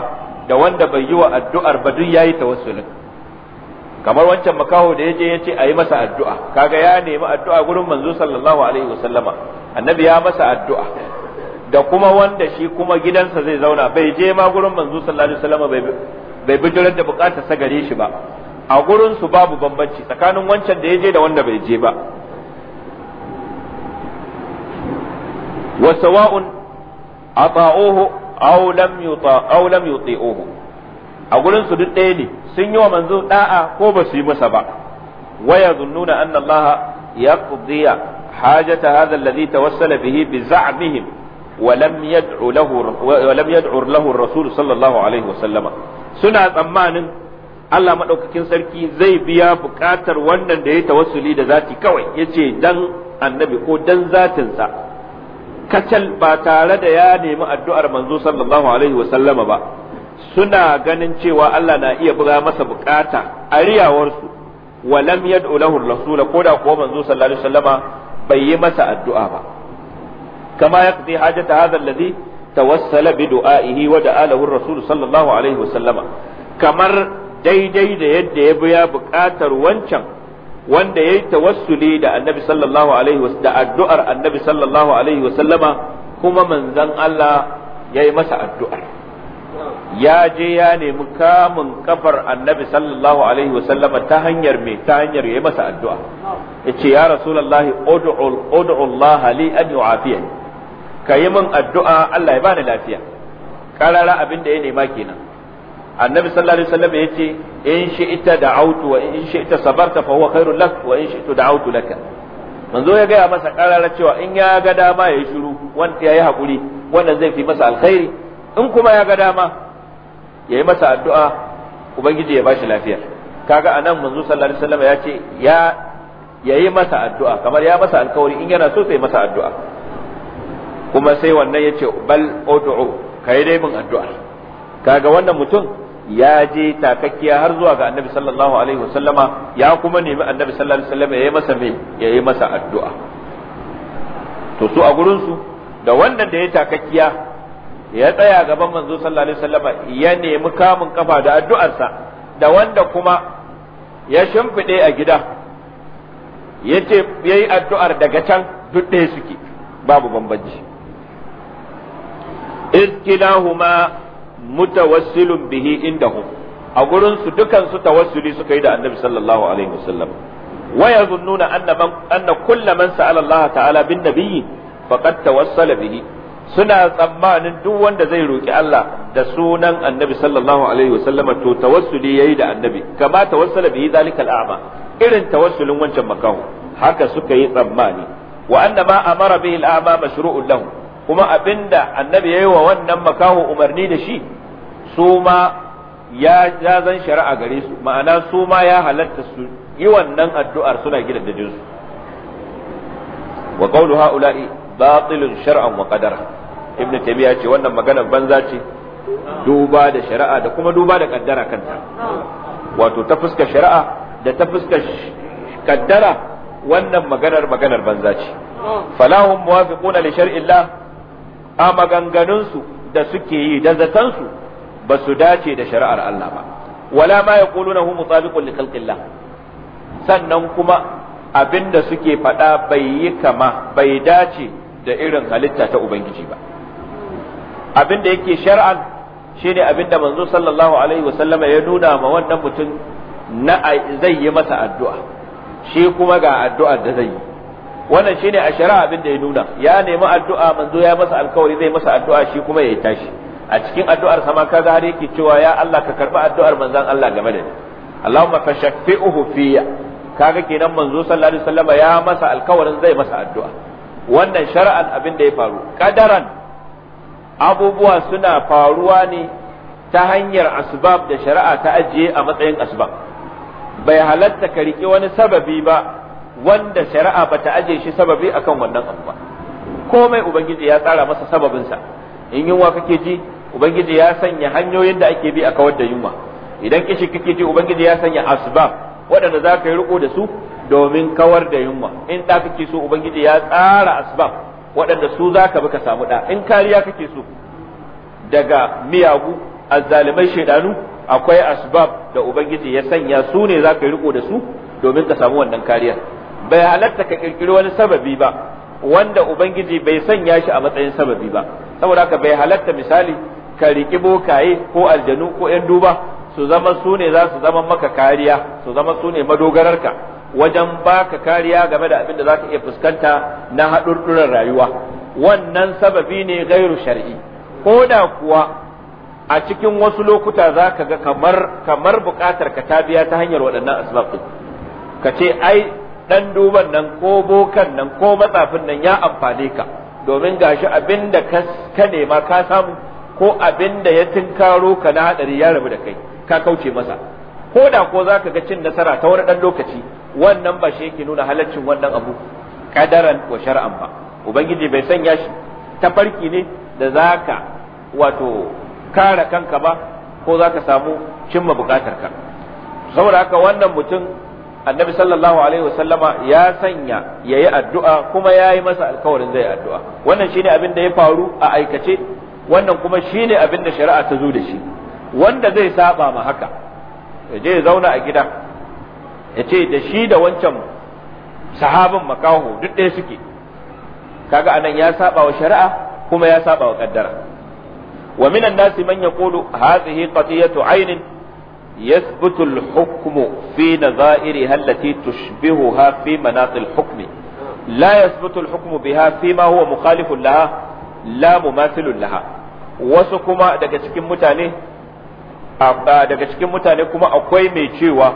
da wanda bai yi wa addu'ar ba duk yayi tawassulin kamar wancan makaho da yaje yace a yi masa addu'a kaga ya nemi addu'a gurin manzo sallallahu alaihi wasallama annabi ya masa addu'a da kuma wanda shi kuma gidansa zai zauna bai je ma gurin manzo sallallahu alaihi wasallam bai bai bijirar da bukata sa gare shi ba a gurin su babu bambanci tsakanin wancan da ya je da wanda bai je ba wa sawa'un ata'uhu aw lam yuta aw lam yuti'uhu a gurin su duk ɗaya ne sun yi wa manzo da'a ko ba su yi masa ba wa yazunnuna anna allaha yaqdiya hajata hadha alladhi tawassala bihi bi za'mihim ولم يدعو له ولم يدعو له الرسول صلى الله عليه وسلم suna tsammanin Allah madaukakin sarki zai biya buƙatar wannan da ya tawassuli da zati kawai ya ce dan annabi ko dan zatinsa kacal ba tare da ya nemi addu'ar manzo sallallahu alaihi wasallama ba suna ganin cewa Allah na iya buga masa buƙata a riyawarsu walam yad'u lahu rasul ko da kuwa manzo sallallahu alaihi wasallama bai yi masa addu'a ba kama yaqdi hajata hadha alladhi tawassala bi du'aihi wa da'a lahu ar-rasul kamar daidai da yadda ya biya buƙatar wancan wanda yayi tawassuli da annabi sallallahu alaihi wa da addu'ar annabi sallallahu alaihi wa kuma manzon Allah yayi masa addu'ar ya je ya nemi kamun kafar annabi sallallahu alaihi wasallama ta hanyar mai ta hanyar ya masa addu'a ya ce ya rasulallah ud'u Allah li an yu'afiyani ka yi min addu'a Allah ya bani lafiya karara abin da ya nema kenan annabi sallallahu alaihi wasallam ya ce in shi ita da'autu wa in shi ita sabarta fa huwa khairul lak wa in shi da autu laka manzo ya gaya masa karara cewa in ya ga dama ya shiru wanda yayi hakuri wannan zai fi masa alkhairi in kuma ya ga dama ya yi masa addu'a ubangiji ya bashi lafiya kaga anan manzo sallallahu alaihi wasallam ya ce ya yayi masa addu'a kamar ya masa alkawari in yana so sai masa addu'a kuma sai wannan ya ce bal ka kai dai min addu'a kaga wannan mutum ya je takakkiya har zuwa ga annabi sallallahu alaihi wasallama ya kuma nemi annabi sallallahu alaihi wasallama yayi masa me yayi masa addu'a to su a gurin su da wannan da ya takakkiya ya tsaya gaban manzo sallallahu alaihi wasallama ya nemi kamun kafa da addu'arsa da wanda kuma ya shimfide a gida yace yayi addu'ar daga can duk ɗaya suke babu bambanci irkilahuma mutawassilun bihi indahum a gurinsu dukansu dukan su suka yi da annabi sallallahu alaihi wasallam wa yazunnuna anna man anna kullu man sa'ala Allah ta'ala suna tsammanin duk wanda zai roki Allah da sunan annabi sallallahu alaihi wasallama to tawassuli yayi da annabi kama tawassala bihi zalika al'ama irin tawassulin wancan makaho haka suka yi tsammani wa anna ma amara bihi al'ama mashru'un lahu kuma abinda annabi ya yi wa wannan makaho umarni da shi su ma ya zan shari'a gare su ma'ana su ma ya halatta su yi wannan addu'ar suna gidan da jinsu. wa qawlu ha'ula'i batilun shar'an wa qadara ibnu taymiya ce wannan magana banza ce duba da shari'a da kuma duba da kaddara kanta wato ta fuskar shari'a da ta fuskar kaddara wannan maganar maganar banza ce falahum muwafiquna li shar'illah a maganganunsu da suke yi da zatansu ba su dace da shari'ar Allah ba wala ma yaquluna hu mutabiqun li khalqillah sannan kuma abin da suke faɗa bai yi kama bai dace da irin halitta ta ubangiji ba Abin da yake shar'an shine abin da manzo sallallahu alaihi wasallama ya nuna ma wannan mutum na zai yi masa addu'a shi kuma ga addu'ar da zai yi wannan shine a shari'a abin da ya nuna ya nemi addu'a manzo ya masa alkawari zai masa addu'a shi kuma ya tashi a cikin addu'ar sama ka kaga har yake cewa ya Allah ka karbi addu'ar manzon Allah game da ni Allahumma fashfi'uhu fiyya kaga kenan manzo sallallahu alaihi wasallam ya masa alkawarin zai masa addu'a wannan shari'an abin da ya faru kadaran abubuwa suna faruwa ne ta hanyar asbab da shari'a ta ajiye a matsayin asbab bai halatta ka riƙe wani sababi ba wanda shari'a bata aje shi sababi akan wannan abu ba komai ubangiji ya tsara masa sababinsa in yunwa kake ji ubangiji ya sanya hanyoyin da ake bi a kawar da yunwa idan kishi kake ji ubangiji ya sanya asbab waɗanda za ka yi riko da su domin kawar da yunwa in ɗa kake so ubangiji ya tsara asbab waɗanda su za ka bi ka samu ɗa in kariya kake so daga miyagu azzalimai shaidanu akwai asbab da ubangiji ya sanya su ne za ka yi riko da su domin ka samu wannan kariyar bai halatta ka kirkiri wani sababi ba wanda ubangiji bai sanya shi a matsayin sababi ba saboda haka bai halatta misali ka riki bokaye ko aljanu ko yan duba su zama su ne za su zama maka kariya su zama su ne madogararka wajen baka kariya game da abin da za ka iya fuskanta na haɗurɗuran rayuwa wannan sababi ne gairu shar'i ko da kuwa a cikin wasu lokuta za ka ga kamar kamar ka ta biya ta hanyar waɗannan asbab ka ce ai Ɗan duban nan ko bokan nan ko matsafin nan ya amfane ka domin gashi abin da ka nema ka samu ko abin da ya tinkaro ka na hadari ya rabu da kai ka kauce masa ko da ko za ka ga cin nasara ta wani dan lokaci wannan ba shi yake nuna halaccin wannan abu kadaran wa shar'an ba ubangiji bai sanya shi ta farki ne da zaka wato kare kanka ba ko zaka samu cimma bukatarka saboda haka wannan mutum annabi sallallahu alaihi wasallama ya sanya yi addu'a kuma yayi masa alkawarin zai addu'a wannan shine abin da ya faru a aikace wannan kuma shine abin da shari'a ta zo da shi wanda zai saba ma haka ya je ya zauna a gida ya ce da shi da wancan sahabin makaho duk ɗaya suke kaga anan ya saba wa shari'a kuma ya saba wa kaddara wa minan nasi man yaqulu hadhihi qadiyatu ainin. يثبت الحكم في نظائرها التي تشبهها في مناط الحكم لا يثبت الحكم بها فيما هو مخالف لها لا مماثل لها wasu kuma daga cikin mutane daga cikin mutane kuma akwai mai cewa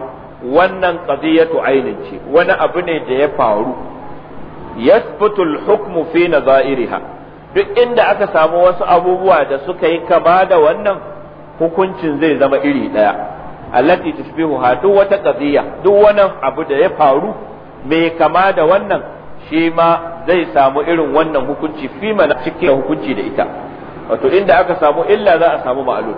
wannan qadiyatu ainin ce wani abu ne da ya faru yathbutu al-hukmu fi nazairiha duk inda aka samu wasu abubuwa da suka yi kama da wannan hukuncin zai zama iri daya allati tushbihuha duk wata qadiyya duk wani abu da ya faru mai kama da wannan shi ma zai samu irin wannan hukunci fi mana cikin hukunci da ita wato inda aka samu illa za a samu ma'alul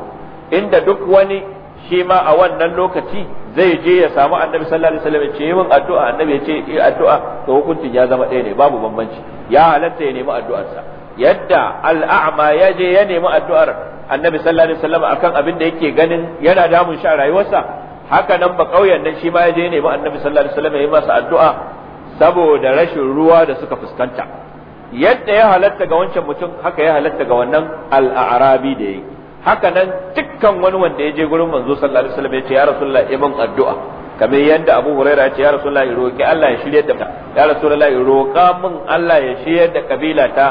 inda duk wani shi ma a wannan lokaci zai je ya samu annabi sallallahu alaihi wasallam ce yin addu'a annabi ya ce addu'a to hukuncin ya zama ɗaya ne babu bambanci ya halatta ya nemi addu'arsa yadda al'a'ma ya je ya nemi addu'ar annabi sallallahu alaihi wasallam akan abin da yake ganin yana damun shi a rayuwarsa haka nan ba kauyen nan shi ma ya je ya nemi annabi sallallahu alaihi wasallam ya yi masa addu'a saboda rashin ruwa da suka fuskanta yadda ya halatta ga wancan mutum haka ya halatta ga wannan al'arabi da yayi haka nan dukkan wani wanda ya je gurin manzo sallallahu alaihi wasallam ya ce ya rasulullah ibn addu'a kamar yadda Abu Huraira ya ce ya rasulullah ya roki Allah ya shirye da ya rasulullah ya roka min Allah ya shirye da kabila ta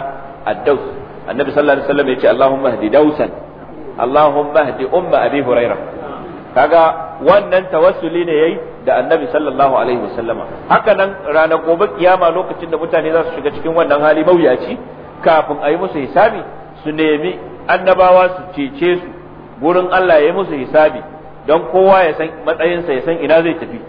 ad-daws annabi sallallahu alaihi wasallam yace Allahumma hdi dausan Allahumma hdi umma abi huraira kaga wannan tawassuli ne yayi da annabi sallallahu alaihi wasallama haka nan ranar gobe kiyama lokacin da mutane za su shiga cikin wannan hali mawuyaci kafin a yi musu hisabi su nemi annabawa su cece su gurin Allah ya yi musu hisabi don kowa ya san matsayinsa ya san ina zai tafi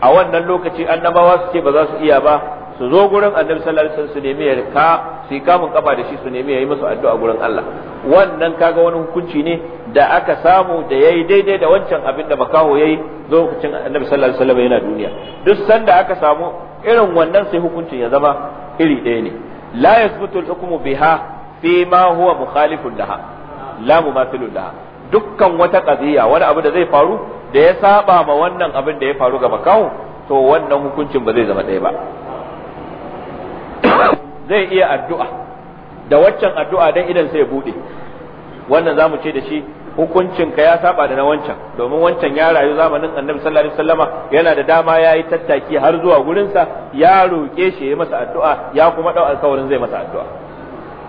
a wannan lokaci annabawa su ce ba za su iya ba su zo gurin annabi sallallahu alaihi wasallam su nemi ya ka yi kamun kafa da shi su nemi ya yi musu addu'a gurin Allah wannan kaga wani hukunci ne da aka samu da yayi daidai da wancan abin da makaho yayi lokacin annabi sallallahu alaihi wasallam yana duniya duk sanda aka samu irin wannan sai hukuncin ya zama iri ɗaya ne la yasbutu al-hukmu biha fi ma huwa mukhalifun laha la mumathilun laha dukkan wata qadiya wani abu da zai faru da ya saba ma wannan abin da ya faru ga makaho to wannan hukuncin ba zai zama ɗaya ba zai iya addu'a da waccan addu'a dan idan sai ya bude wannan mu ce da shi hukuncin ka ya saba da na wancan domin wancan ya rayu zamanin annabi sallallahu alaihi wasallama yana da dama ya yi tattaki har zuwa gurinsa ya roƙe shi ya masa addu'a ya kuma dau alkawarin zai masa addu'a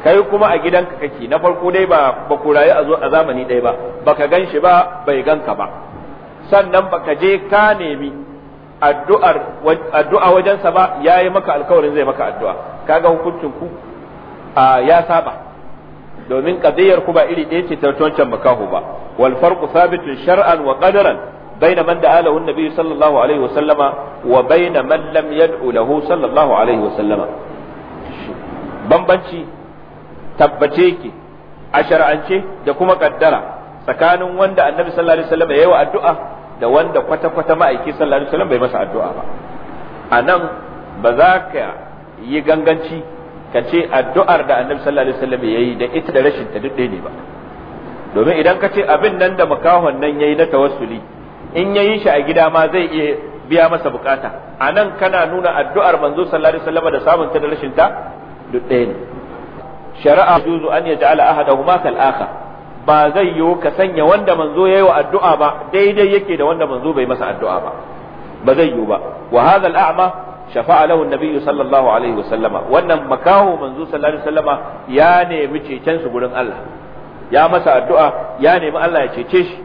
kai kuma a gidanka kake na farko dai ba ba ku rayu a zamani dai ba baka gan shi ba bai gan ka ba sannan baka je ka nemi addu'ar addu'a wajensa ba ya yi maka alkawarin zai maka addu'a kaga hukuncin ku ya saba domin qadiyar ku ba iri ɗaya ce ta wancan makaho ba wal farqu thabitun shar'an wa qadaran baina man da alahu an sallallahu alaihi wa sallama wa baina man lam yad'u lahu sallallahu alaihi wa sallama bambanci tabbace yake a shar'ance da kuma kaddara tsakanin wanda annabi sallallahu alaihi wasallam yayi wa addu'a da wanda kwata kwata ma'aiki sallallahu alaihi wasallam bai masa addu'a ba anan ba za ka yi ganganci ka ce addu'ar da annabi sallallahu alaihi wasallam yayi da ita da rashin ta ne ba domin idan ka ce abin nan da makahon nan yayi na tawassuli in yayi shi a gida ma zai iya biya masa bukata anan kana nuna addu'ar manzo sallallahu alaihi wasallam da samun ta da rashin ta dudde ne shari'a juzu an yaj'ala ahadahuma kal akhar ba zai yiwu ka sanya wanda manzo yayi wa addu'a ba daidai yake da wanda manzo bai masa addu'a ba ba zai yiwu ba wa hadha a'ma shafa'a lahu nabiyyu sallallahu alaihi wasallama wannan makaho manzo sallallahu alaihi wasallama ya nemi cecen su gurin Allah ya masa addu'a ya nemi Allah ya cece shi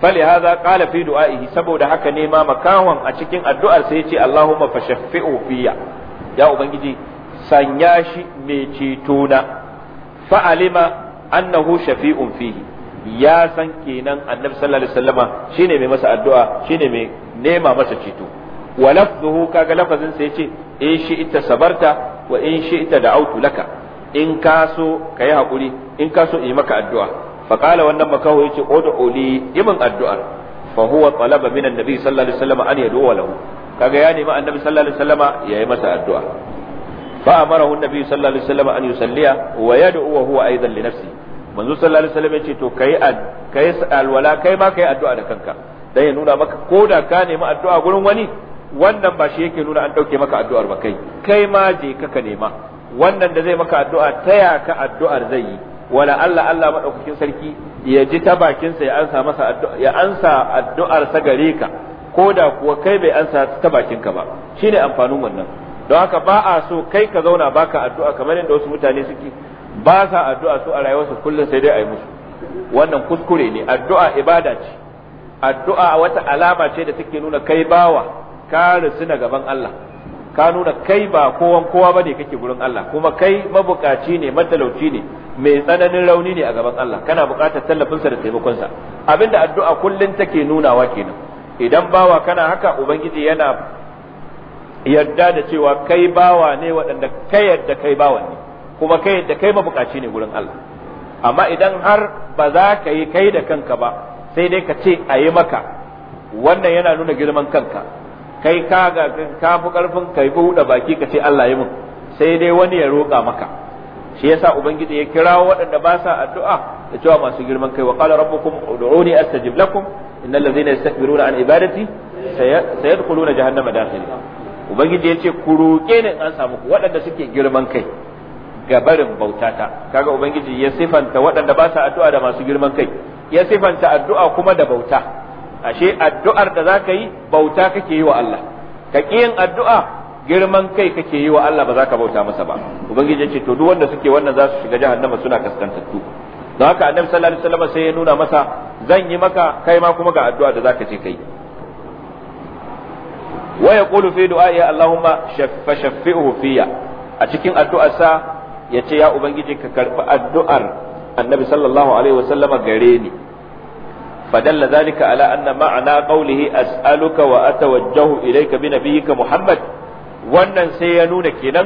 fali hadha qala fi du'aihi saboda haka ne ma makahon a cikin addu'ar sai ya ce Allahumma fashaffi'u fiya ya ubangiji sanya shi mai ceto na fa'alima annahu shafi'un fihi ya san kenan annabi sallallahu alaihi wasallama shine mai masa addu'a shine mai nema masa ceto wa lafzuhu kaga lafazin sa yace in shi ita sabarta wa in shi shi'ta da'autu laka in ka so kayi hakuri in ka so yi maka addu'a fa qala wannan makaho yace ud'u li imin addu'a fa huwa talaba min annabi sallallahu alaihi wasallam an yad'u lahu kaga ya nemi annabi sallallahu alaihi wasallam yi masa addu'a fa amarahu annabi sallallahu alaihi wasallam an yusalliya wa yad'u wa huwa aidan li nafsi manzo sallallahu alaihi wasallam yace to kai kai alwala kai ma kai addu'a da kanka dan ya nuna maka koda ka nemi addu'a gurin wani wannan ba shi yake nuna an ɗauke maka addu'ar ba kai kai ma je ka nema wannan da zai maka addu'a taya ka addu'ar zai yi wala Allah Allah madaukakin sarki ya ji ta bakinsa ya ansa masa addu'a ya ansa addu'ar sa gare ka ko da kuwa kai bai ansa ta bakinka ba shine amfanin wannan don haka ba a so kai ka zauna baka addu'a kamar yadda wasu mutane suke ba sa addu'a su a rayuwarsu kullum sai dai a yi musu wannan kuskure ne addu'a ibada ce addu'a wata alama ce da take nuna kai bawa ka rasu na gaban Allah ka nuna kai ba kowan kowa ba ne kake gurin Allah kuma kai mabukaci ne matalauci ne mai tsananin rauni ne a gaban Allah kana buƙatar tallafinsa da taimakonsa abinda addu'a kullun take nunawa kenan idan bawa kana haka ubangiji yana yarda da cewa kai bawa ne waɗanda kai yadda kai bawa ne kuma kai yadda kai mabukaci ne gurin Allah amma idan har ba za ka yi kai da kanka ba sai dai ka ce a yi maka wannan yana nuna girman kanka kai ka ga ka fi karfin ka yi buɗe baki ka ce Allah ya mun sai dai wani ya roƙa maka shi yasa ubangiji ya kirawo waɗanda ba sa addu'a da cewa masu girman kai wa qala rabbukum ud'uni astajib lakum innal ladzina yastakbiruna an ibadati sayadkhuluna jahannama dakhili ubangiji ya ce ku roƙe ni an samu ku waɗanda suke girman kai ga barin bautata kaga ubangiji ya sifanta waɗanda ba sa addu'a da masu girman kai ya sifanta addu'a kuma da bauta ashe addu'ar da zaka yi bauta kake yi wa Allah ka yin addu'a girman kai kake yi wa Allah ba za ka bauta masa ba ubangiji ce to duk wanda suke wannan za su shiga jahannama suna kaskantattu don haka annabi sallallahu alaihi wasallam sai ya nuna masa zan yi maka kai ma kuma ga addu'a da zaka ce kai wa yaqulu fi ya allahumma shaffa shaffihu fiya a cikin addu'arsa yace ya ubangiji ka karbi addu'ar annabi sallallahu alaihi wasallama gare ni فدل ذلك على أن معنى قوله أسألك وأتوجه إليك بنبيك محمد wannan sai ya nuna kenan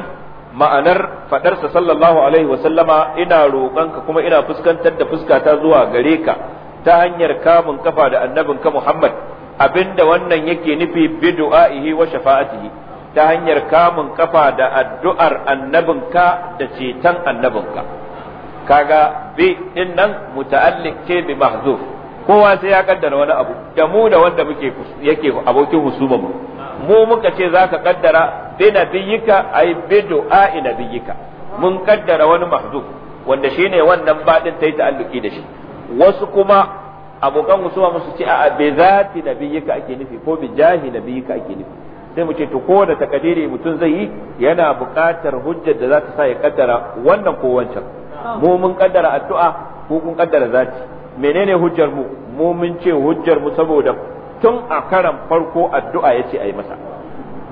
ma'anar faɗarsa sallallahu alaihi wasallama ina roƙonka kuma ina fuskantar da fuskata zuwa gare ka ta hanyar kamun kafa da annabinka Muhammad abinda wannan yake nufi bidu'a'ihi wa shafa'atihi ta hanyar kamun kafa da addu'ar annabinka da ceton annabinka kaga bi din nan muta'alliq ke bi mahzuf kowa sai ya kaddara wani abu da mu da wanda muke yake abokin husuma mu mu muka ce za ka kaddara bi nabiyyika ay bi du'a'i nabiyyika mun kaddara wani mahduf wanda shine wannan badin tayi ta'alluki da shi wasu kuma abokan husuma musu ce a bi zati nabiyyika ake nufi ko bi jahi nabiyyika ake nufi sai mu ce to ko da takadiri mutum zai yi yana buƙatar hujjar da za ta sa ya kaddara wannan ko wancan mu mun kaddara addu'a ko kun kaddara zati menene hujjar mu mu mun ce hujjar mu saboda tun a karan farko addu'a yace ayi masa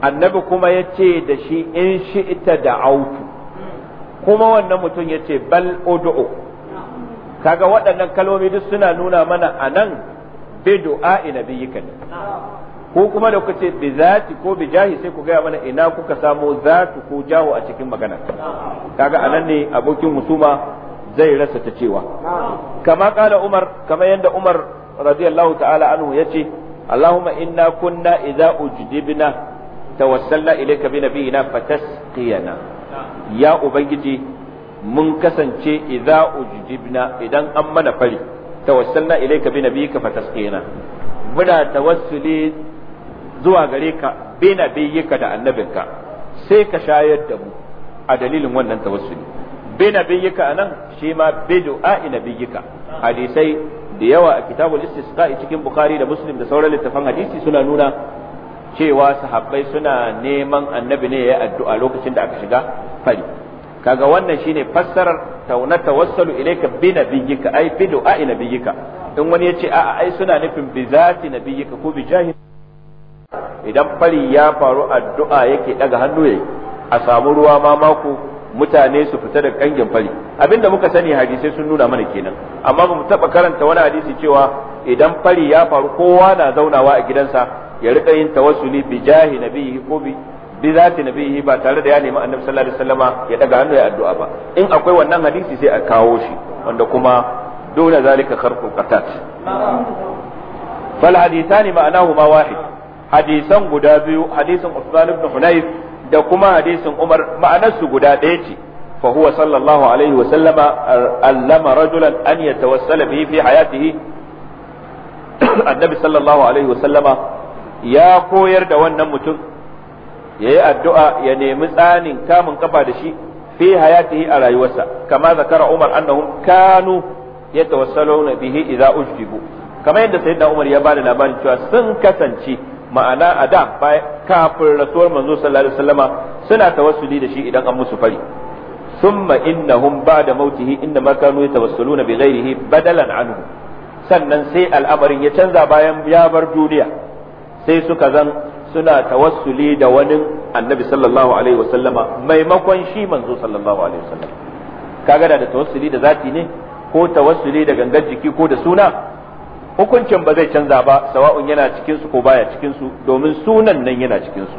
annabi kuma yace da shi in shi ita da autu kuma wannan mutum yace bal ud'u kaga waɗannan kalomi duk suna nuna mana anan bi du'a'i nabiyyika ko kuma da kuka ce bi zati ko bi jahi sai ku gaya mana ina kuka samo zatu ko jawo a cikin magana kaga anan ne abokin musuma. zai rasa ta cewa kama kala umar kama yadda umar radiyallahu ta'ala anhu yace allahumma inna kunna idza ujdibna tawassalna ilayka bi nabiyina fatasqiyana ya ubangiji mun kasance idza ujdibna idan an mana fari tawassalna ilayka bi nabiyika fatasqiyana muna tawassuli zuwa gare ka bi nabiyika da annabinka sai ka shayar da mu a dalilin wannan tawassuli bi nabiyyika anan shi ma bi du'a'i nabiyyika hadisai da yawa a kitabul istisqa cikin bukhari da muslim da sauran littafan hadisi suna nuna cewa sahabbai suna neman annabi ne ya addu'a lokacin da aka shiga fari kaga wannan shine fassarar tauna tawassalu ilayka bi nabiyyika ai bi du'a'i nabiyyika in wani yace a'a ai suna nufin bi zati nabiyyika ko bi jahi idan fari ya faru addu'a yake daga hannu yayi a samu ruwa ma mako mutane su fita da kangin fari abinda muka sani hadisai sun nuna mana kenan amma ba mu taba karanta wani hadisi cewa idan fari ya faru kowa na zaunawa a gidansa ya rika yin tawassuli bi jahi nabihi ko bi bi zati nabihi ba tare da ya nemi annabi sallallahu alaihi wasallama ya daga hannu ya addu'a ba in akwai wannan hadisi sai a kawo shi wanda kuma dole zalika kharqu qatat fal hadithani ma wahid hadisan guda biyu hadisan usman ibn Hunayf da kuma hadisin Umar ma'anarsu guda ɗaya ce fa sallallahu alaihi wa sallama allama rajulan an ya tawassala bihi fi hayatihi annabi sallallahu alaihi wa sallama ya koyar da wannan mutum ya yi addu'a ya nemi tsanin kamun kafa da shi fi hayatihi a rayuwarsa kama zakara Umar annahum kanu yatawassaluna bihi idza ujdibu Kama yadda sayyidina Umar ya bada labarin cewa sun kasance ma'ana a da kafin rasuwar manzo sallallahu alaihi wasallama suna tawassuli da shi idan an musu fari thumma innahum ba'da mautihi inna ma kanu yatawassaluna bi ghairihi badalan anhu sannan sai al'amarin ya canza bayan ya bar duniya sai suka zan suna tawassuli da wani annabi sallallahu alaihi wasallama maimakon shi manzo sallallahu alaihi wasallam kaga da tawassuli da zati ne ko tawassuli da gangar jiki ko da suna hukuncin ba zai canza ba sawa'un yana cikinsu ko baya cikinsu domin sunan nan yana cikinsu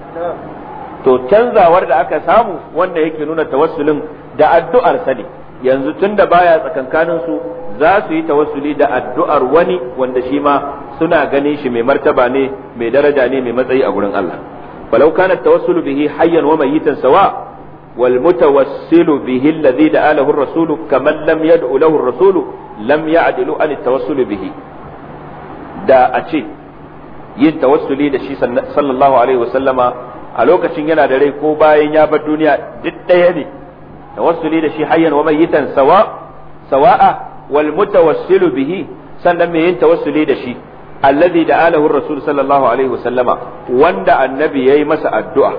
to canzawar da aka samu wanda yake nuna tawassulin da addu'ar sa ne yanzu tunda baya tsakankanin su za su yi tawassuli da addu'ar wani wanda shi ma suna ganin shi mai martaba ne mai daraja ne mai matsayi a gurin Allah falau kana tawassulu bihi hayyan wa mayitan sawa' والمتوسل به الذي دعا rasulu الرسول كمن لم يدع rasulu الرسول لم يعدل عن التوسل bihi. da a ce yin tawassuli da shi sallallahu alaihi wasallama a lokacin yana da rai ko bayan ya bar duniya duk ɗaya ne tawassuli da shi hayyan wa mayitan sawa sawa'a wal mutawassilu bihi sannan mai yin tawassuli da shi alladhi da alahu rasul sallallahu alaihi wasallama wanda annabi yayi masa addu'a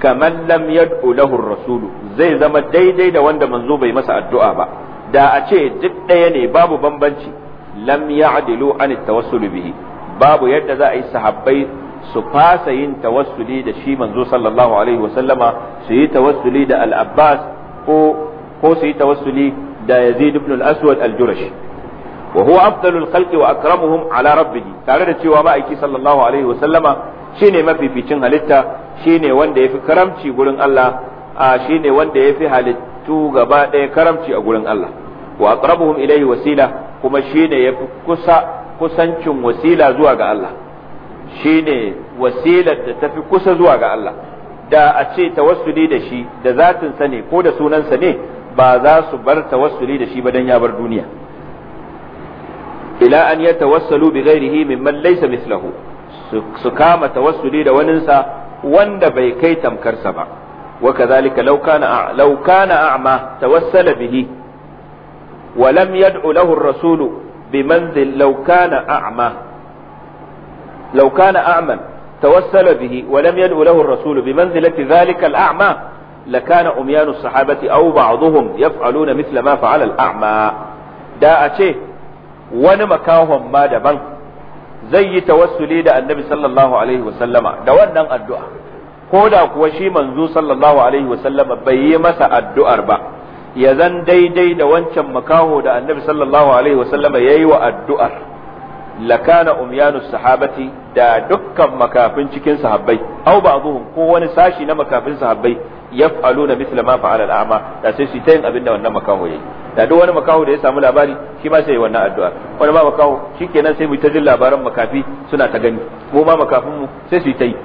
kaman lam yad'u lahu rasul zai zama daidai da wanda manzo bai masa addu'a ba da a ce duk ɗaya ne babu bambanci lam ya'dilu an tawassul bihi babu yadda za a yi sahabbai su fasa yin tawassuli da shi manzo sallallahu alaihi wasallama su yi tawassuli da al-abbas ko ko su yi tawassuli da yazid ibn al-aswad al jurash wa huwa afdalul khalqi wa akramuhum ala rabbih tare da cewa ma'aiki sallallahu alaihi wasallama shine mafificin halitta shine wanda yafi karamci gurin Allah shine wanda yafi halittu gaba ɗaya karamci a gurin Allah wa aqrabuhum ilayhi wasila kuma shine yafi kusa kusancin wasila zuwa ga Allah da tafi kusa zuwa a ce tawassuli da shi da zatin sa ne ko da sunan ne ba za su bar tawassuli da shi ba dan ya bar duniya ila an yatawassalu bi ghairihi mimman laysa mithluhu su kama tawassuli da waninsa wanda bai kai tamkarsa ba wa kadhalika a'ma tawassala bihi wa lam yad'u lahu ar-rasul bi manzil law kana a'ma law kana a'man tawassala bihi wa lam yad'u lahu ar-rasul bi manzilati dhalika al-a'ma لكان أميان الصحابة أو بعضهم يفعلون مثل ما فعل الأعمى دا أشي ونمكاهم ما دبن زي توسلي دا النبي صلى الله عليه وسلم دا ونن الدعاء كودا كوشي منزو صلى الله عليه وسلم بي مسا الدعاء با ya zan daidai da wancan makaho da annabi sallallahu alaihi wasallam ya yi wa addu'ar lakana umyanu sahabati da dukkan makafin cikin sahabbai au ba ko wani sashi na makafin sahabbai na misla ma fa'ala al'ama da sai su tayin abin da wannan makaho ya yi da duk wani makaho da ya samu labari shi ma sai yi wannan addu'a wani ma makaho shikenan sai mu ta jin labaran makafi suna ta gani mu ma makafin mu sai su yi ta yi.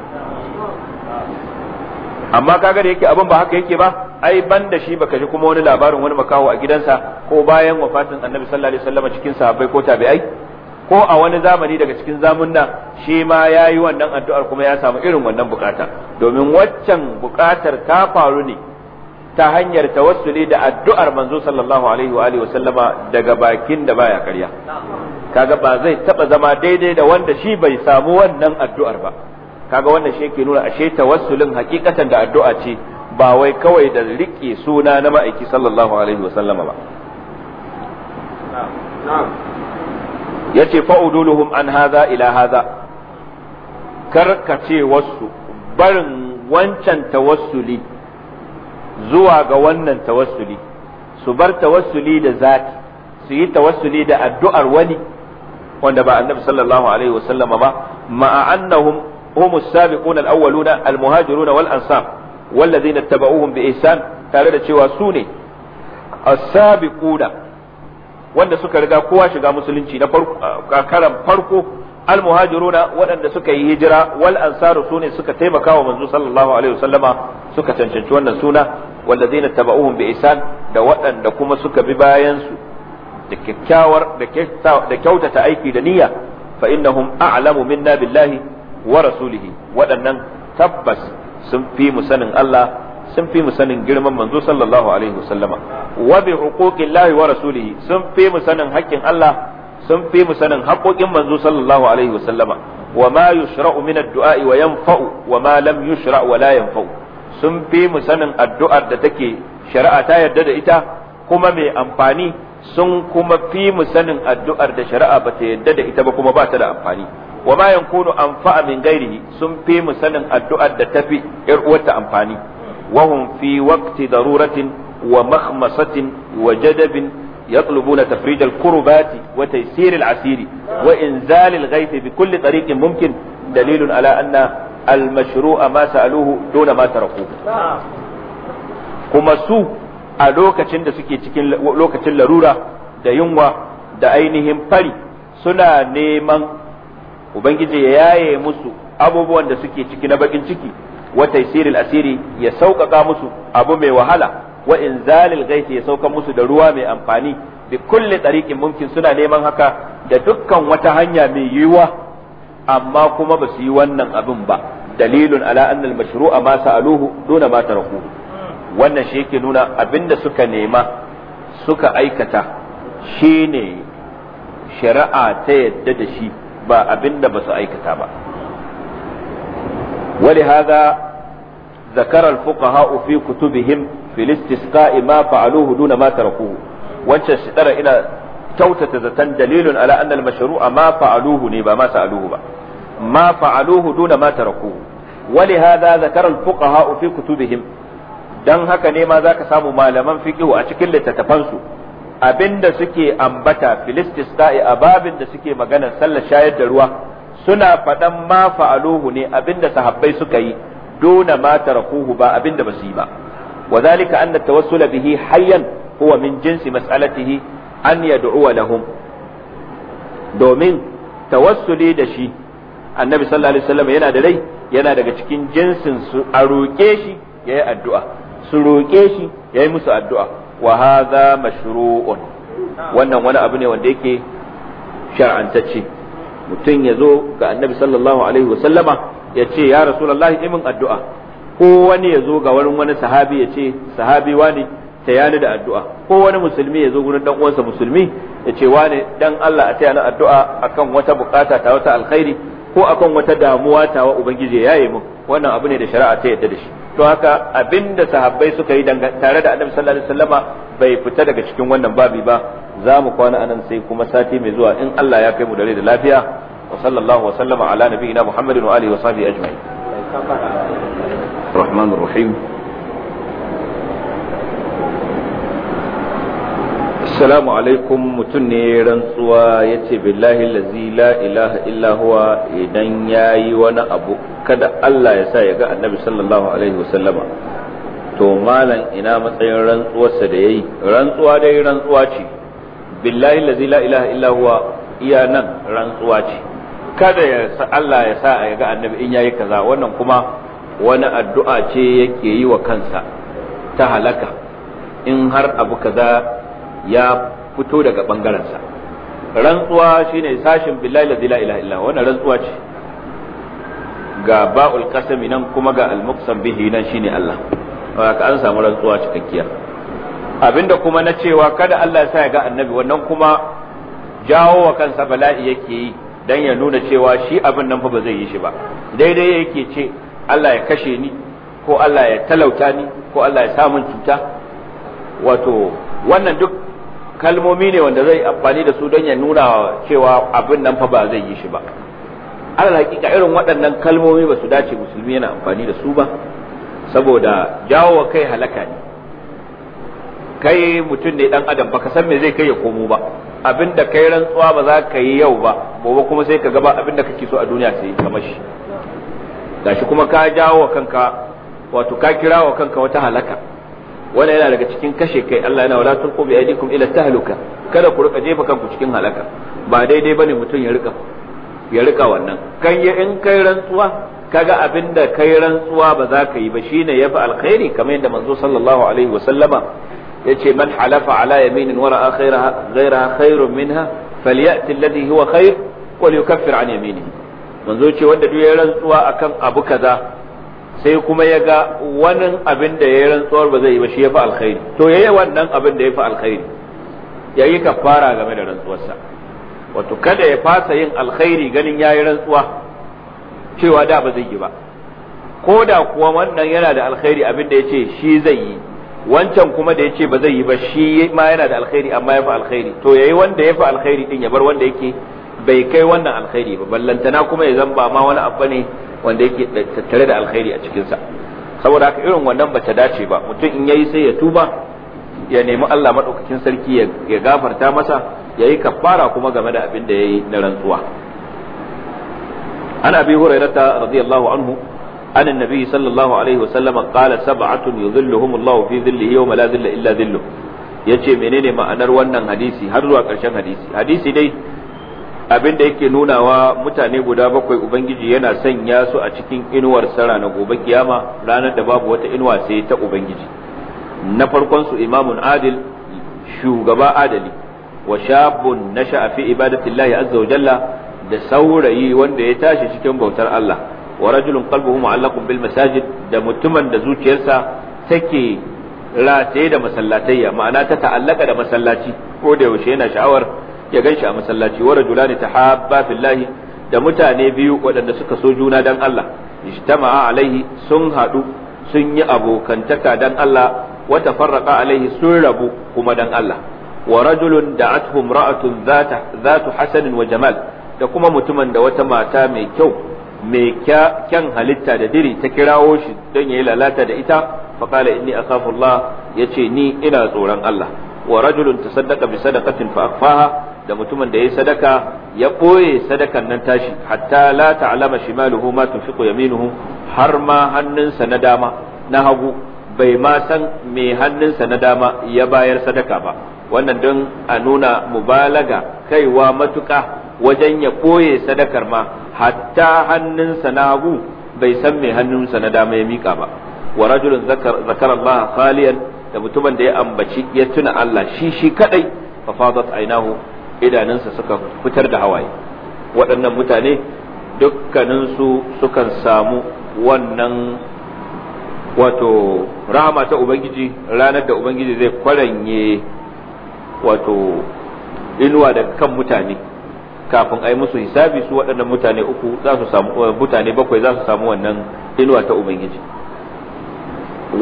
amma kaga da yake abin ba haka yake ba ai ban da shi baka ji kuma wani labarin wani makaho a gidansa ko bayan wafatin annabi sallallahu alaihi wasallam cikin sahabbai ko tabi'ai ko a wani zamani daga cikin zamunna shi ma ya yi wannan addu'ar kuma ya samu irin wannan bukata domin waccan bukatar ta faru ne ta hanyar tawassuli da addu'ar manzo sallallahu alaihi wa alihi wasallama daga bakin da baya karya kaga ba zai taba zama daidai da wanda shi bai samu wannan addu'ar ba kaga wannan shi ke nuna ashe tawassulin hakikatan da addu'a ce ba wai kawai da rike suna na ma'aiki sallallahu alaihi wasallama ba yace fa'uduluhum an haza ila haza karkace wasu barin wancan tawassuli zuwa ga wannan tawassuli su bar tawassuli da zati su yi tawassuli da addu'ar wani wanda ba annabi sallallahu alaihi wasallama ba ma'a هم السابقون الأولون المهاجرون والأنصار والذين اتبعوهم بإحسان تعالى cewa su ne السابقون wanda suka riga kowa shiga musulunci na karan farko almuhajiruna waɗanda suka yi hijira wal ansaru sune suka taimaka wa manzo sallallahu alaihi wasallama suka cancanci wannan suna wallazina taba'uhum bi isan. da waɗanda kuma suka bi bayan su da kyakkyawar da kyautata aiki da niyya fa innahum a'lamu minna billahi wa rasulihi waɗannan tabbas sun fi mu sanin Allah sun fi mu sanin girman manzo sallallahu alaihi wasallama wa bi huquqillahi wa rasulihi sun fi mu sanin haƙƙin Allah sun fi mu sanin haƙoƙin manzo sallallahu alaihi wasallama wa ma yushra'u min ad-du'a'i wa yanfa'u wa ma lam yushra'u wa la yanfa'u sun fi mu sanin addu'ar da take shari'a ta yarda da ita kuma mai amfani sun kuma fi mu sanin addu'ar da shari'a ba ta yarda da ita ba kuma ba ta da amfani wa ma yankunu anfa'a min ghairihi sun fi mu sanin addu'ar da tafi yar uwarta amfani wa fi waqti daruratin wa makhmasatin wa jadabin يطلبون تفريج الكربات وتيسير العسير وإنزال الغيث بكل طريق ممكن دليل على أن المشروع ما سألوه دون ما تركوه kuma su a lokacin da suke cikin lokacin larura da yunwa da ainihin fari suna neman ubangiji ya yaye musu abubuwan da suke ciki na bakin ciki wa taysiril asiri ya sauƙaƙa musu abu mai wahala wa inzalil ghaisi ya sauka musu da ruwa mai amfani bi kulli tariqin mumkin suna neman haka da dukkan wata hanya mai yiwuwa amma kuma ba su yi wannan abin ba dalilun ala anna al mashru'a ma sa'aluhu duna ma taraku wannan shi yake nuna abinda suka nema suka aikata shine shari'a ta yadda da shi ba abinda ba su aikata ba wali ولهذا ذكر الفقهاء في كتبهم في الاستسقاء ما فعلوه دون ما تركوه wancan shi ina kyautata zaton dalilun ala anna al-mashru'a ma fa'aluhu ne ba ma sa'aluhu ba ma fa'aluhu duna ma tarakuhu wali hadha zakara al-fuqaha fi kutubihim dan haka ne ma zaka samu malaman fiqh a cikin littattafansu. su abinda suke ambata filistisqa'i a ababin da suke maganar sallar shayar da ruwa suna faɗan ma fa'aluhu ne abinda sahabbai suka yi dona ma tarakuhu ba abinda ba su yi ba wazalika zalika anna tawassula bihi hayyan huwa min jinsi mas'alatihi an yad'u lahum domin tawassuli da shi annabi sallallahu alaihi wasallam yana da rai yana daga cikin jinsin su a roƙe shi yayi addu'a su roƙe shi yayi musu addu'a wa hadha wannan wani abu ne wanda yake shar'antacce mutum ya zo ga annabi sallallahu alaihi wa ya ce ya rasulullahi imin addu'a ko wani ya zo ga wurin wani sahabi ya ce sahabi wani ta yani da addu'a ko wani musulmi ya zo gurin dan uwansa musulmi ya ce wani dan Allah a ni addu'a akan wata bukata ta wata alkhairi ko akan wata damuwa tawa ubangiji ya yi mun wannan abu ne da shari'a ta yadda da shi to haka abinda sahabbai suka yi tare da annabi sallallahu alaihi wasallama bai fita daga cikin wannan babi ba za mu kwana anan sai kuma sati mai zuwa in Allah ya kai mu dare da lafiya wa sallallahu wa sallama ala nabiyina muhammadin wa alihi wa sahbihi ajma'in الرحمن assalamu alaikum mutum ne rantsuwa ya ce billahi lazi la ilaha illa huwa idan ya yi wani abu kada Allah ya sa ya ga annabi sallallahu alaihi wasallama to malam ina matsayin rantsuwarsa da ya yi rantsuwa dai rantsuwa ce billahi lazi la ilaha illa huwa iya nan rantsuwa ce kada ya sa Allah ya sa ya ga annabi in yayi kaza wannan kuma wani addu'a ce yake yi wa kansa ta halaka in har abu kaza ya fito daga ɓangarensa. rantsuwa shine sashin billahi la ilaha illa wannan rantsuwa ce ga ba'ul qasami nan kuma ga al-muqsam bihi nan shine Allah ka an samu rantsuwa cikakkiya abinda kuma na cewa kada Allah ya sa ya ga annabi wannan kuma jawo wa kansa bala'i yake yi dan ya nuna cewa shi abin nan fa ba zai yi shi ba daidai yake ce Allah ya kashe ni ko Allah ya talauta ni ko Allah ya samun cuta wato wannan duk kalmomi ne wanda zai amfani da su don ya nuna cewa abin nan fa ba zai yi shi ba alal hakika irin waɗannan kalmomi ba su dace musulmi yana amfani da su ba saboda jawo wa kai halaka ne kai mutum ne dan adam baka san me zai kai ya komo ba abin da kai rantsuwa ba za ka yi yau ba gobe kuma sai ka gaba abin abinda kake so a duniya sai ka mashi gashi kuma ka jawo kanka wato ka kira wa kanka wata halaka wannan yana daga cikin kashe kai Allah yana wala tulqu bi aydikum ila tahluka kada ku rika jefa kanku cikin halaka ba daidai bane mutum ya rika ya rika wannan kan ya in kai rantsuwa kaga abinda kai rantsuwa ba za ka yi ba shine yafi alkhairi kamar yadda manzo sallallahu alaihi wasallama yace man halafa ala yaminin wara khairaha ghairaha khairun minha falyati alladhi huwa khair wal yukaffir an yaminihi manzo ce wanda duk ya rantsuwa akan abu kaza sai kuma ya ga wani abin da ya yi rantsuwar ba zai yi ba shi ya fi alkhairi to ya yi wannan abin da ya fi alkhairi ya yi kafara game da rantsuwarsa wato kada ya fasa yin alkhairi ganin ya yi rantsuwa cewa da ba zai yi ba ko da kuwa wannan yana da alkhairi abin da ya ce shi zai yi wancan kuma da ya ce ba zai yi ba shi ma yana da alkhairi amma ya fi alkhairi to ya yi wanda ya fi alkhairi din ya bar wanda yake bai kai wannan alkhairi ba ballantana kuma ya zamba ma wani abu ne wanda yake tattare da alkhairi a cikinsa saboda haka irin wannan ba ta dace ba mutum in yayi sai ya tuba ya nemi Allah madaukakin sarki ya gafarta masa ya yi kafara kuma game da abin da ya yi na rantsuwa an abi hurairata radiyallahu anhu عن النبي صلى الله عليه وسلم قال سبعة يظلهم الله في ظله la لا illa إلا yace menene ma'anar wannan hadisi har zuwa ƙarshen hadisi hadisi dai abin da yake nunawa mutane guda bakwai ubangiji yana sanya su a cikin inuwar sara na gobe kiyama ranar da babu wata inuwa sai ta ubangiji na farkon su imamun adil shugaba adali wa shabun nasha'a fi ibadatillahi azza wa jalla da saurayi wanda ya tashi cikin bautar Allah wa rajulun qalbuhu mu'allaqun bil masajid da mutumin da zuciyarsa take rataye da masallatayya ma'ana ta ta'allaka da masallaci ko da yaushe yana sha'awar ya ganshi a masallaci wa ta tahabba fillahi da mutane biyu waɗanda suka so juna dan Allah ijtama'a alaihi sun haɗu sun yi abokantaka dan Allah wa tafarraqa alaihi sun rabu kuma dan Allah wa rajulun da'athu ra'atun zata zatu hasanin wa jamal da kuma mutumin da wata mata mai kyau mai kyan halitta da diri ta kirawo shi don yayi lalata da ita faƙala qala inni akhafu ya yace ni ina tsoron Allah wa rajulun sadaka bi da fa akfaha da mutumin da ya sadaka ya ɓoye sadakan nan tashi hatta la ta'lama shimaluhu ma tunfiqu yaminuhu har ma hannunsa na dama na hagu bai ma san me hannunsa na dama ya bayar sadaka ba wannan don a nuna mubalaga kaiwa matuƙa wajen ya ɓoye sadakar ma hatta hannunsa na hagu bai san me hannunsa na dama ya miƙa ba wa rajulun zakara Allah khaliyan da mutumin da ya ambaci ya tuna Allah shi shi kadai fa fadat ainahu idanunsa suka fitar da hawaye waɗannan mutane dukkaninsu sukan samu wannan wato rahama ta ubangiji ranar da ubangiji zai kwaranye wato inuwa da kan mutane kafin a yi musu hisabi su waɗannan mutane uku za su samu eh, mutane bakwai za su samu wannan inuwa ta ubangiji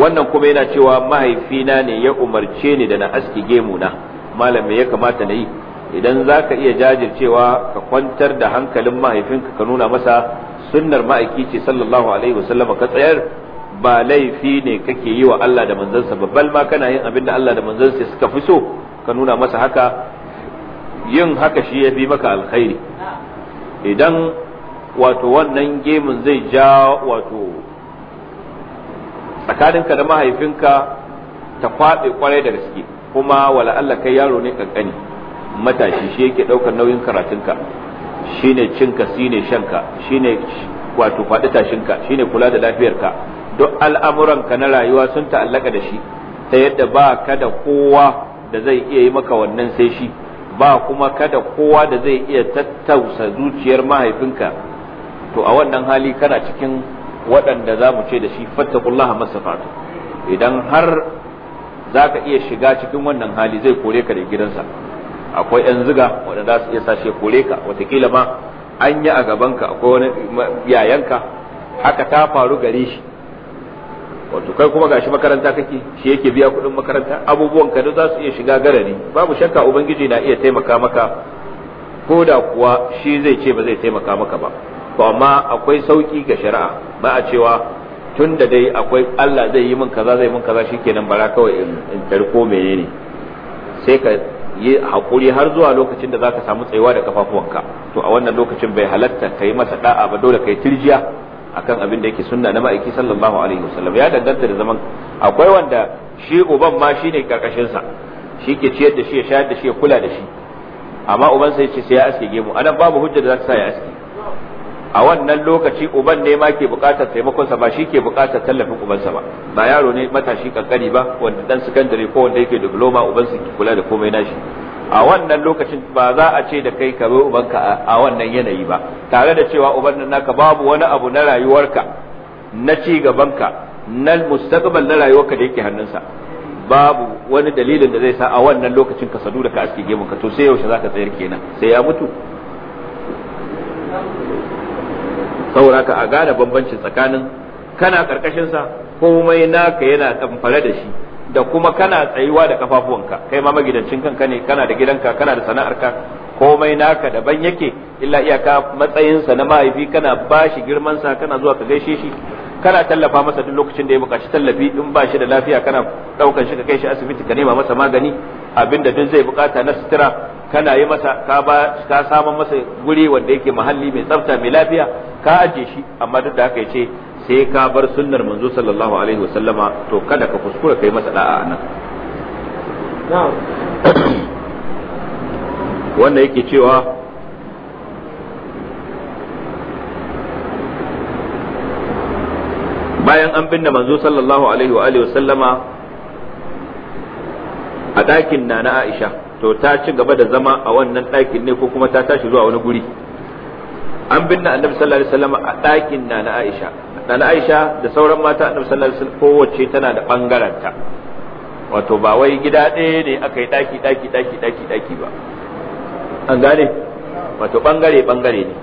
wannan kuma yana cewa mahaifina ne ya umarce ni da na aski gemu malam malamai ya kamata na yi idan za ka iya jajircewa ka kwantar da hankalin mahaifinka ka nuna masa sunnar ma'aiki ce sallallahu alaihi wasallama ka tsayar ba laifi ne kake yi wa Allah da manzansa ba bal ma kana yin abin da Allah da manzansa suka fi so ka nuna masa haka yin haka shi ya fi maka alkhairi idan wato wannan gemin zai ja wato tsakaninka da mahaifinka ta kwaɓe kwarai da gaske kuma wala Allah kai yaro ne kankani matashi shi yake daukar nauyin karatunka shine cinka shine shanka shine wato faɗi tashinka shine kula da lafiyarka duk al'amuranka na rayuwa sun ta'allaka da shi ta yadda ba ka da kowa da zai iya yi maka wannan sai shi ba kuma kada kowa da zai iya tattausa zuciyar mahaifinka to a wannan hali kana cikin waɗanda za mu ce da shi fattakullaha masafatu idan har za ka iya shiga cikin wannan hali zai kore ka da gidansa akwai yan ziga wanda za su iya sashe kore ka watakila ma an yi a gabanka akwai wani yayanka haka ta faru gare shi wato kai kuma gashi makaranta kake shi yake biya kuɗin makaranta abubuwan ka da za su iya shiga garari babu shakka ubangiji na iya taimaka maka ko da kuwa shi zai ce ba zai taimaka maka ba to amma akwai sauki ga shari'a ba a cewa tun da dai akwai Allah zai yi min kaza zai min kaza shikenan bara kawai in tarko menene sai ka yi hakuri har zuwa lokacin da zaka samu tsayuwa da kafafuwanka to a wannan lokacin bai halatta yi masa da'a ba dole ka yi tirjiya akan abin da yake sunna na ma'aiki sallallahu alaihi wasallam ya danganta da zaman akwai wanda shi uban ma ne karkashin sa shi ke ciyar da shi ya shayar da shi ya kula da shi amma uban sai ce sai ya aske gemu anan babu hujja da za ta sa ya aske a wannan lokaci uban ne ma ke bukatar sa ba shi ke bukatar tallafin uban sa ba ba yaro ne matashi kankani ba wanda dan sakandare ko wanda yake diploma sa ke kula da komai nashi a wannan lokacin ba za a ce da kai ka uban ubanka a wannan yanayi ba tare da cewa uban nan naka babu wani abu na rayuwarka na ci gabanka na mustaqbal na rayuwarka da yake hannunsa babu wani dalilin da zai sa a wannan lokacin ka sadu da ka aske gemun ka to sai yaushe zaka tsayar kenan sai ya mutu saboda ka a gane bambanci tsakanin kana karkashin sa komai naka yana tamfare da shi da kuma kana tsayuwa da kafafuwanka kai ma magidancin kanka ne kana da gidanka kana da sana'arka komai naka daban yake illa iyaka matsayinsa na mahaifi kana bashi girman sa kana zuwa ka gaishe shi kana tallafa masa duk lokacin da ya bukaci tallafi in ba shi da lafiya kana daukan shi ka kai shi asibiti ka nema masa magani abinda duk zai bukata na sutura kana yi masa ka ba ka saman masa guri wanda yake mahalli mai tsafta mai lafiya ka aje shi amma duk da haka yace sai ka bar sunnar manzo sallallahu alaihi wasallama to kada ka kuskura kai masa da'a nan (coughs) wanda yake cewa bayan an binne manzo sallallahu alaihi wa alihi wasallama a ɗakin na na Aisha to ta ci gaba da zama a wannan ɗakin ne ko kuma ta tashi zuwa wani guri an binne annabi sallallahu alaihi wasallam a ɗakin na na Aisha na na Aisha da sauran mata annabi sallallahu alaihi wasallam kowace tana da bangaranta wato ba wai gida ɗaya ne aka yi ɗaki ɗaki ɗaki ɗaki ɗaki ba an gane wato bangare bangare ne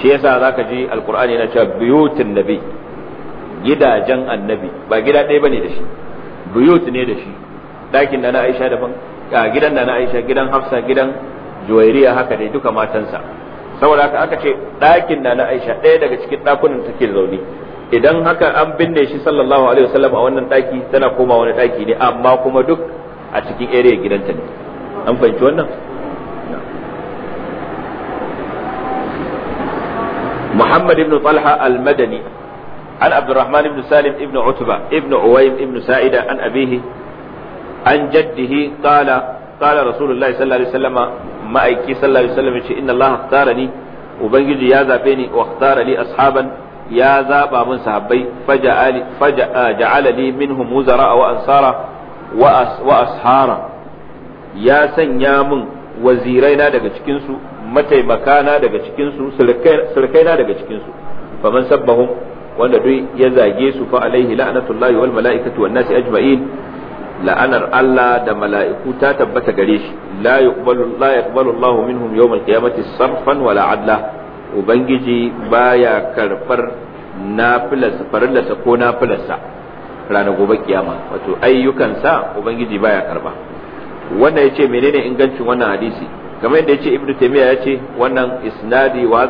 shi yasa zaka ji alqur'ani yana cewa buyutun nabi gidajen annabi ba gida ɗaya bane da shi buyut ne da shi ɗakin da na aisha daban gidan da na Aisha gidan Hafsa gidan Juwairiya haka dai duka matansa saboda haka aka ce ɗakin da na Aisha ɗaya daga cikin ɗakunan take zaune idan haka an binne shi sallallahu alaihi wasallam a wannan ɗaki tana koma wani daki ne amma kuma duk a cikin area gidanta ne an fahimci wannan محمد بن طلحة المدني عن عبد الرحمن بن سالم بن عتبة بن عويم بن سائدة عن أبيه an jaddihi qala qala rasulullahi sallallahu alaihi wasallam ma'aiki sallallahu alaihi wasallam ce inna allaha ikhtarani ubangiji ya zabe ni wa ashaban ya zaba min sahabbai faja'ali faja'ala li minhum wuzara wa ansara ya sanya min waziraina daga cikin su na daga cikinsu su sulkaina daga cikin su faman sabbahum wanda duk ya zage su fa alaihi la'natullahi wal mala'ikati wan ajma'in la'anar Allah da mala'iku ta tabbata gare shi la yuqbalu la yaqbalu Allahu minhum yawm al-qiyamati sarfan wala adla ubangiji baya karfar nafilas farillarsa ko nafilarsa ranar gobe kiyama wato ayyukansa ubangiji baya karba wannan ya ce menene ingancin wannan hadisi kamar yadda ya ce Ibn ibnu ya ce wannan isnadi wa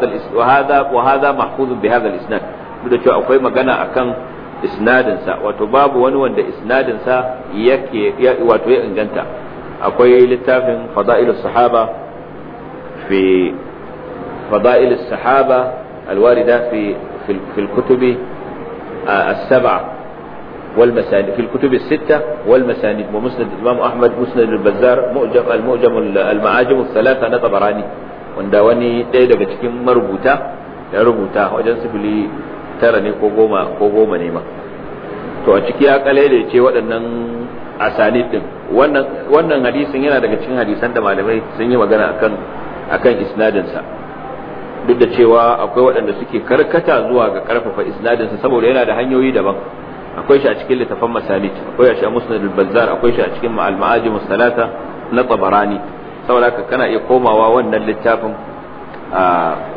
hadha mahfuzun bi hadha al-isnad duk da cewa akwai magana akan isnadinsa wato babu wani wanda isnadinsa yake wato ya inganta akwai littafin fada'ilus sahaba fi fada'ilus sahaba alwarida fi في الكتب السبعة والمسانيد في الكتب الستة musnad ومسند الإمام أحمد مسند البزار مؤجم المؤجم المعاجم الثلاثة na tabarani wanda wani ɗaya daga cikin marubuta ya rubuta wajen sifili tara ne ko goma ko goma ne ma to a ciki ya da ce waɗannan asali din wannan wannan hadisin yana daga cikin hadisan da malamai sun yi magana akan akan isnadin sa duk da cewa akwai waɗanda suke karkata zuwa ga karfafa isnadin sa saboda yana da hanyoyi daban akwai shi a cikin littafan masalit akwai shi a musnad al-bazzar akwai shi a cikin ma'al maajim salata na tabarani saboda haka kana iya komawa wannan littafin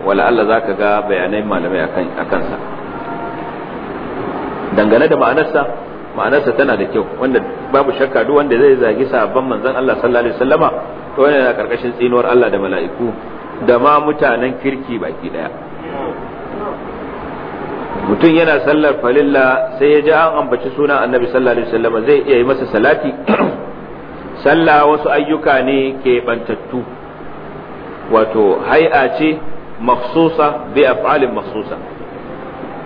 wala Allah zaka ga bayanan malamai akan akan sa dangane da ma'anarsa ma'anarsa tana da kyau wanda babu shakka duk wanda zai zagi sahabban manzon Allah sallallahu alaihi wasallama to wannan yana karkashin tsinuwar Allah da mala'iku da ma mutanen kirki baki daya mutum yana sallar falilla sai ya ji an ambaci sunan annabi sallallahu alaihi wasallama zai iya yi masa salati (clears throat) sallah wasu ayyuka ne ke bantattu wato hai'a ce makhsusa bi af'alin makhsusa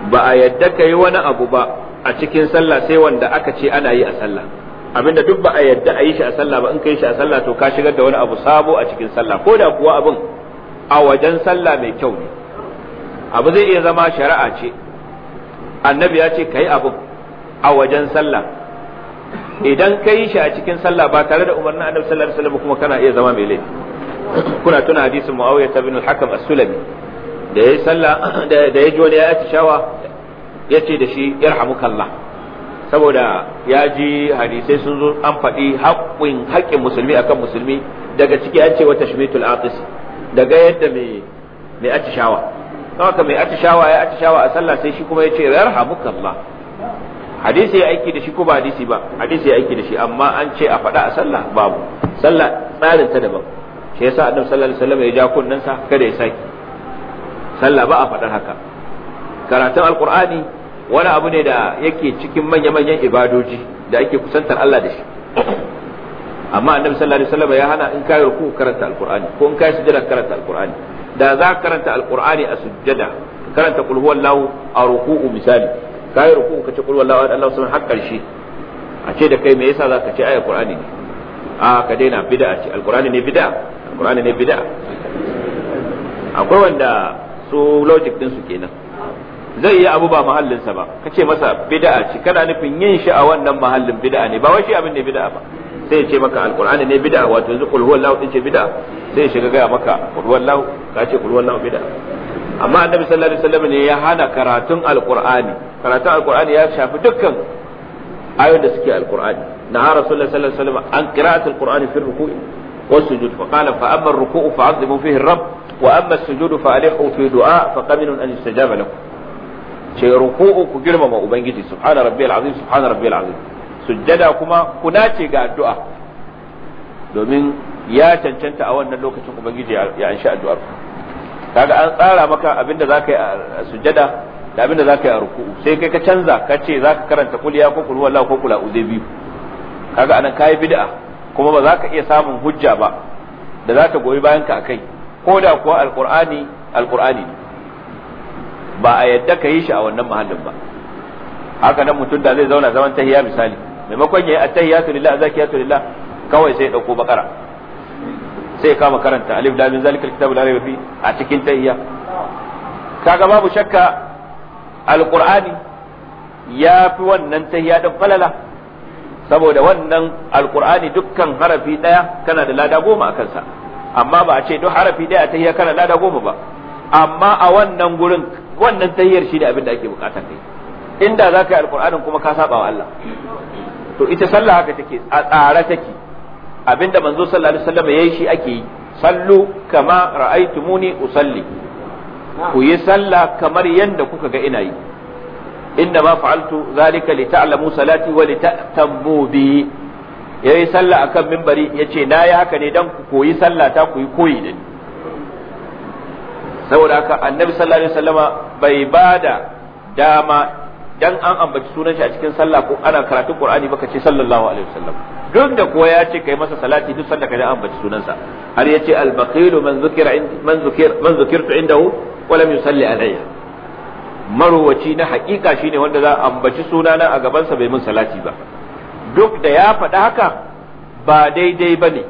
ba a yadda ka yi wani abu ba a cikin sallah sai wanda aka ce ana yi a sallah abinda duk ba a yadda a yi shi a sallah ba in ka yi shi a sallah to ka shigar da wani abu sabo a cikin sallah ko da kuwa abin a wajen sallah mai kyau ne abu zai iya zama shari'a ce annabi ya ce ka yi abin a wajen sallah idan ka yi shi a cikin sallah ba tare da umarnin annabi sallallahu alaihi wasallam kuma kana iya zama mai laifi kuna tuna hadisin muawiya ibn al-hakam as-sulami da ya sallah (clears throat) da ya ji wani ya atishawa ya ce da shi yarhamukallah saboda ya ji hadisai sun zo an faɗi haƙƙin haƙƙin musulmi akan musulmi daga ciki an ce wa tashmitul aqis daga yadda mai mai atishawa haka mai atishawa ya atishawa a sallah sai shi kuma ya ce yarhamukallah hadisi ya aiki da shi ko ba hadisi ba hadisi ya aiki da shi amma an ce a faɗa a sallah babu sallah tsarin ta daban shi yasa annabi sallallahu alaihi wasallam ya ja kunnansa kada ya saki sallah ba a faɗar haka karatun alkur'ani wani abu ne da yake cikin manya-manyan ibadoji da ake kusantar Allah da shi amma annabi sallallahu alaihi wasallam ya hana in kai ruku karanta alkur'ani ko in kai sujjada karanta alkur'ani da za ka karanta alkur'ani a sujjada karanta qul huwallahu a ruku'u misali kai ruku ka ce qul huwallahu Allahu subhanahu har karshe a ce da kai me yasa zaka ce ayat qur'ani ne a ka daina bid'a ce alkur'ani ne bid'a alkur'ani ne bid'a akwai wanda su logic din su kenan zai yi abu ba mahallinsa ba kace masa bid'a ci kana nufin yin shi a wannan mahallin bid'a ne ba wai shi abin ne bid'a ba sai ya ce maka alqur'ani ne bid'a wato yanzu qul huwallahu din ce bid'a sai ya shiga ga maka qul huwallahu ka ce qul huwallahu bid'a amma annabi sallallahu alaihi wasallam ne ya hana karatun alqur'ani karatun alqur'ani ya shafi dukkan ayoyin da suke alqur'ani na rasulullah sallallahu alaihi wasallam an qira'atul qur'ani fi ruku'i والسجود فقال فأما الركوع فعظموا فيه الرب وأما السجود فألحوا في دعاء فقبل أن يستجاب لكم شيء ركوع كجرم ما أبنجي سبحان ربي العظيم سبحان ربي العظيم سجدا كما كناتي قاعد دعاء ya cancanta wannan lokacin ubangiji ya anshi kaga an tsara maka abinda zaka yi a sujjada da abinda zaka yi a ruku'u sai kai ka canza ka ce zaka karanta kuliya ko ko kula uzai kaga anan kai bid'a kuma ba za ka iya samun hujja ba da za ta goyi bayanka a kai ko da kuwa alkur'ani alkur'ani ne ba a yadda ka yi shi a wannan mahallin ba haka nan mutum da zai zauna zaman tahiya misali maimakon ya yi tahiya attahiyatu lillah azakiyatu lillah kawai sai ya dauko bakara sai ya kama karanta alif lam min zalikal kitabu la rayba fi a cikin tahiya kaga babu shakka alqur'ani ya fi wannan tahiya din falala saboda wannan alqur'ani dukkan harafi daya kana da lada goma a kansa amma ba a ce duk harafi daya a tahiyya kana lada goma ba amma a wannan gurin wannan tahiyyar shi da abin da ake bukatar kai inda za ka yi alqur'anin kuma ka saba wa Allah to ita sallah haka take a tsare take abinda manzo sallallahu alaihi wasallam yayi shi ake yi sallu kama ra'aytumuni usalli ku yi sallah kamar yadda kuka ga ina yi inda ma fa'altu zalika li ta'lamu salati wa li ta'tammu bi yayi sallah akan minbari yace na yi haka ne dan ku koyi sallah ta ku yi koyi da saboda haka annabi sallallahu alaihi wasallama bai bada dama dan an ambaci sunan shi a cikin sallah ko ana karatun qur'ani baka ce sallallahu alaihi wasallam duk da kuwa ya ce kai masa salati duk sanda kai an ambaci sunansa har yace al-baqilu man zukira man zukir man zukirtu indahu wa lam yusalli alayya marowaci na haƙiƙa shine wanda za a ambaci sunana a gabansa bai mun salati ba duk da ya faɗi haka ba daidai ba ne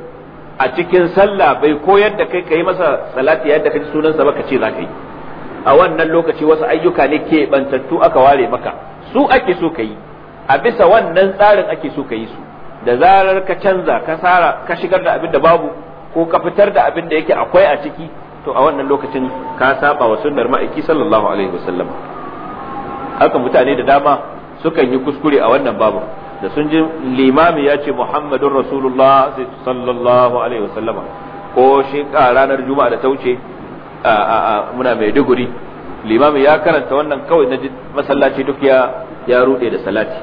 a cikin sallah bai koyar da kai kai masa salati yadda kai sunansa ba ka ce za ka yi a wannan lokaci wasu ayyuka ne ke bantattu aka ware maka su ake so ka yi a bisa wannan tsarin ake so ka yi su da zarar ka canza ka sara ka shigar da abin da babu ko ka fitar da abin da yake akwai a ciki to a wannan lokacin ka saba wa sunnar ma'aiki sallallahu alaihi wasallam haka mutane da dama sukan yi kuskure a wannan babu da sun ji limami ya ce muhammadun rasulullah sallallahu alaihi wasallama ko shi ranar juma'a da ta wuce muna mai duguri limami ya karanta wannan kawai na masallaci duk ya ya rude da salati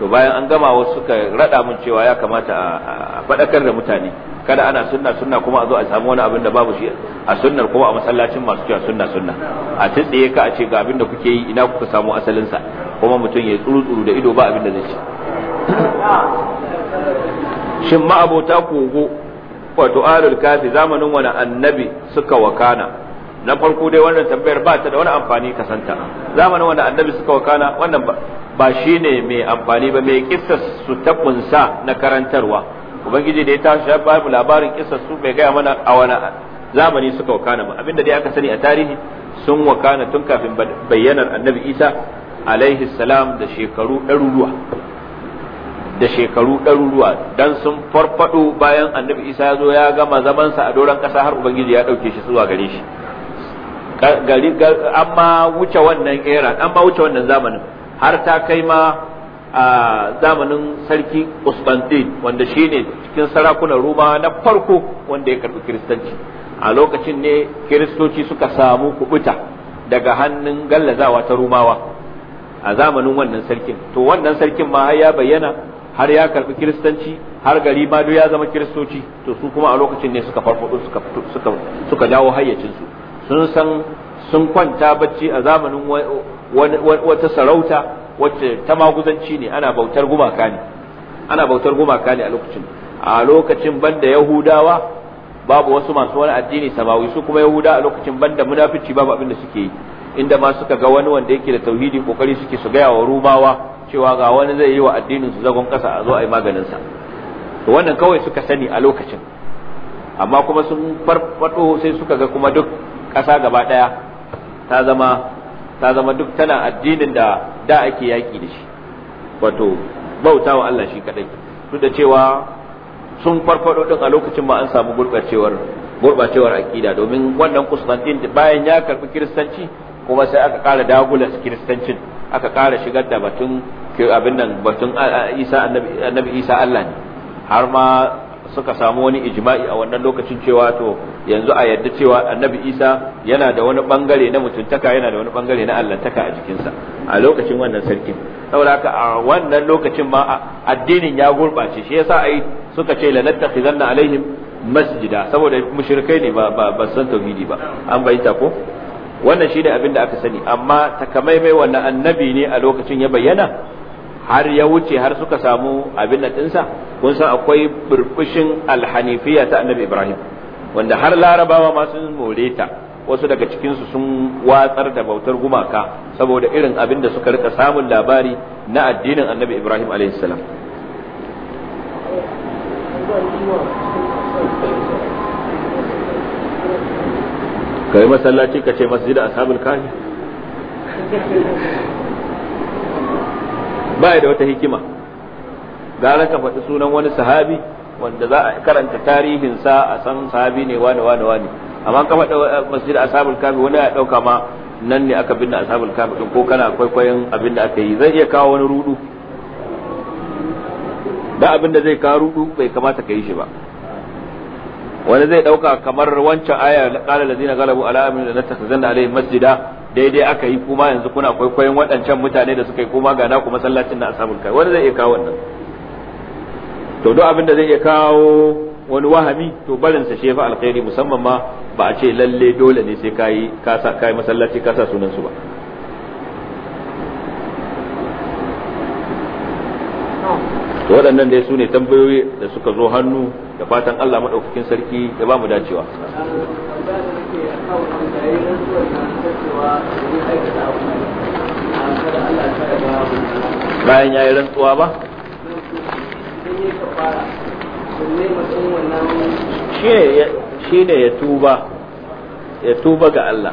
to bayan an gama wasu suka rada mun cewa ya kamata a faɗakar da mutane kada ana sunna sunna kuma a zo a samu wani abin da babu shi a sunnar kuma a masallacin masu cewa sunna sunna a tsaye ka a ce ga abin da kuke yi ina kuka samu asalin sa kuma mutum ya tsuru tsuru da ido ba abin da zai ci shin ma abota kogo wato alul kafi zamanin wani annabi suka wakana na farko dai wannan tambayar ba ta da wani amfani kasanta zamanin wani annabi suka wakana wannan ba shine mai amfani ba mai kissa su tabbunsa na karantarwa ubangiji da ya tashi ya ba mu labarin kissar su bai gaya mana a wani zamani suka wakana ba abinda dai aka sani a tarihi sun wakana tun kafin bayyanar annabi isa alaihi salam da shekaru ɗaruruwa da shekaru ɗaruruwa dan sun farfado bayan annabi isa ya zo ya gama zamansa a doron ƙasa har ubangiji ya ɗauke shi zuwa gare shi gari wuce wannan era amma wuce wannan zamanin har ta kai ma a zamanin sarki Usmantin wanda shine cikin sarakunan Roma na farko wanda ya karɓi kiristanci a lokacin ne kiristoci suka samu kubuta daga hannun gallazawa ta Rumawa a zamanin wannan sarkin to wannan sarkin ma har ya bayyana har ya karɓi kiristanci har gari ma ya zama kiristoci to su kuma a lokacin ne suka farfado suka suka suka dawo hayyacinsu sun san sun kwanta bacci a zamanin wata sarauta wacce ta maguzanci ne ana bautar gumaka ne ana bautar gumaka ne a lokacin a lokacin banda yahudawa babu wasu masu wani addini samawi su kuma yahuda a lokacin banda munafici babu abin da suke yi inda ma suka ga wani wanda yake da tauhidi kokari suke su gaya wa rumawa cewa ga wani zai yi wa addinin su zagon kasa a zo a yi maganin sa to wannan kawai suka sani a lokacin amma kuma sun farfado sai suka ga kuma duk kasa gaba daya ta zama ta zama duk tana addinin da da ake yaki da shi wato bauta wa Allah shi kadai duk da cewa sun farfado din a lokacin ma an samu gurbacewar gurbacewar akida domin wannan Constantine bayan ya karbi kiristanci kuma sai aka kara dagula kiristancin aka kara shigar da batun abin nan batun Isa annabi Isa Allah ne har ma suka samu wani ijma'i a wannan lokacin cewa to yanzu a yadda cewa annabi isa yana da wani bangare na mutuntaka yana da wani bangare na allantaka a jikinsa a lokacin wannan sarkin saboda haka a wannan lokacin ma addinin ya gurɓace shi yasa ai suka ce lanattakhizanna alaihim masjida saboda mushrikai ne ba ba san tauhidi ba an bayyana ko wannan shine abin da aka sani amma takamaimai wannan annabi ne a lokacin ya bayyana har ya wuce har suka samu abin da dinsa kun san akwai burbushin alhanifiya ta annabi ibrahim wanda har larabawa ma sun more ta wasu daga cikinsu sun watsar da bautar gumaka saboda irin abin da suka rika samun labari na addinin annabi ibrahim salam. kai masallaci ka ce masjid ashabul kahfi ba da wata hikima gara ka faɗi sunan wani sahabi wanda za a karanta tarihin sa a san sahabi ne wani wani wani amma kafa da eh, masjid ashabul kabi wani ya dauka ma nan ne aka binne ashabul kabi din ko kana kwaikwayon abin da aka yi zai iya kawo wani rudu da abin da zai kawo rudu bai kamata ka yi shi ba wani zai dauka kamar wancan aya na qala ladina galabu ala amin da natakhazanna alayhi masjida daidai aka yi kuma yanzu kuna kwaikwayon waɗancan mutane da suka yi kuma ga na ku masallacin na ashabul kabi wani zai iya kawo wannan to duk abin da zai iya kawo wani wahami to barin sa shefa alkhairi musamman ma ba a ce lalle dole ne sai ka sa kai masallaci kasa sunan su ba to waɗannan dai su ne tambayoyi da suka zo hannu da fatan Allah madaukakin sarki ya ba mu dacewa bayan ya yi rantsuwa ba shi ne ya tuba ya tuba ga Allah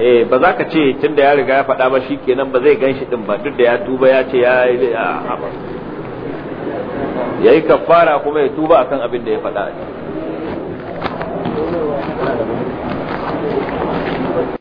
eh ba za ka ce tunda ya riga ya faɗa ba shi kenan ba zai gan shi ɗin ba duk da ya tuba ya ce ya yi ya yi kafara kuma ya tuba akan abin da ya faɗa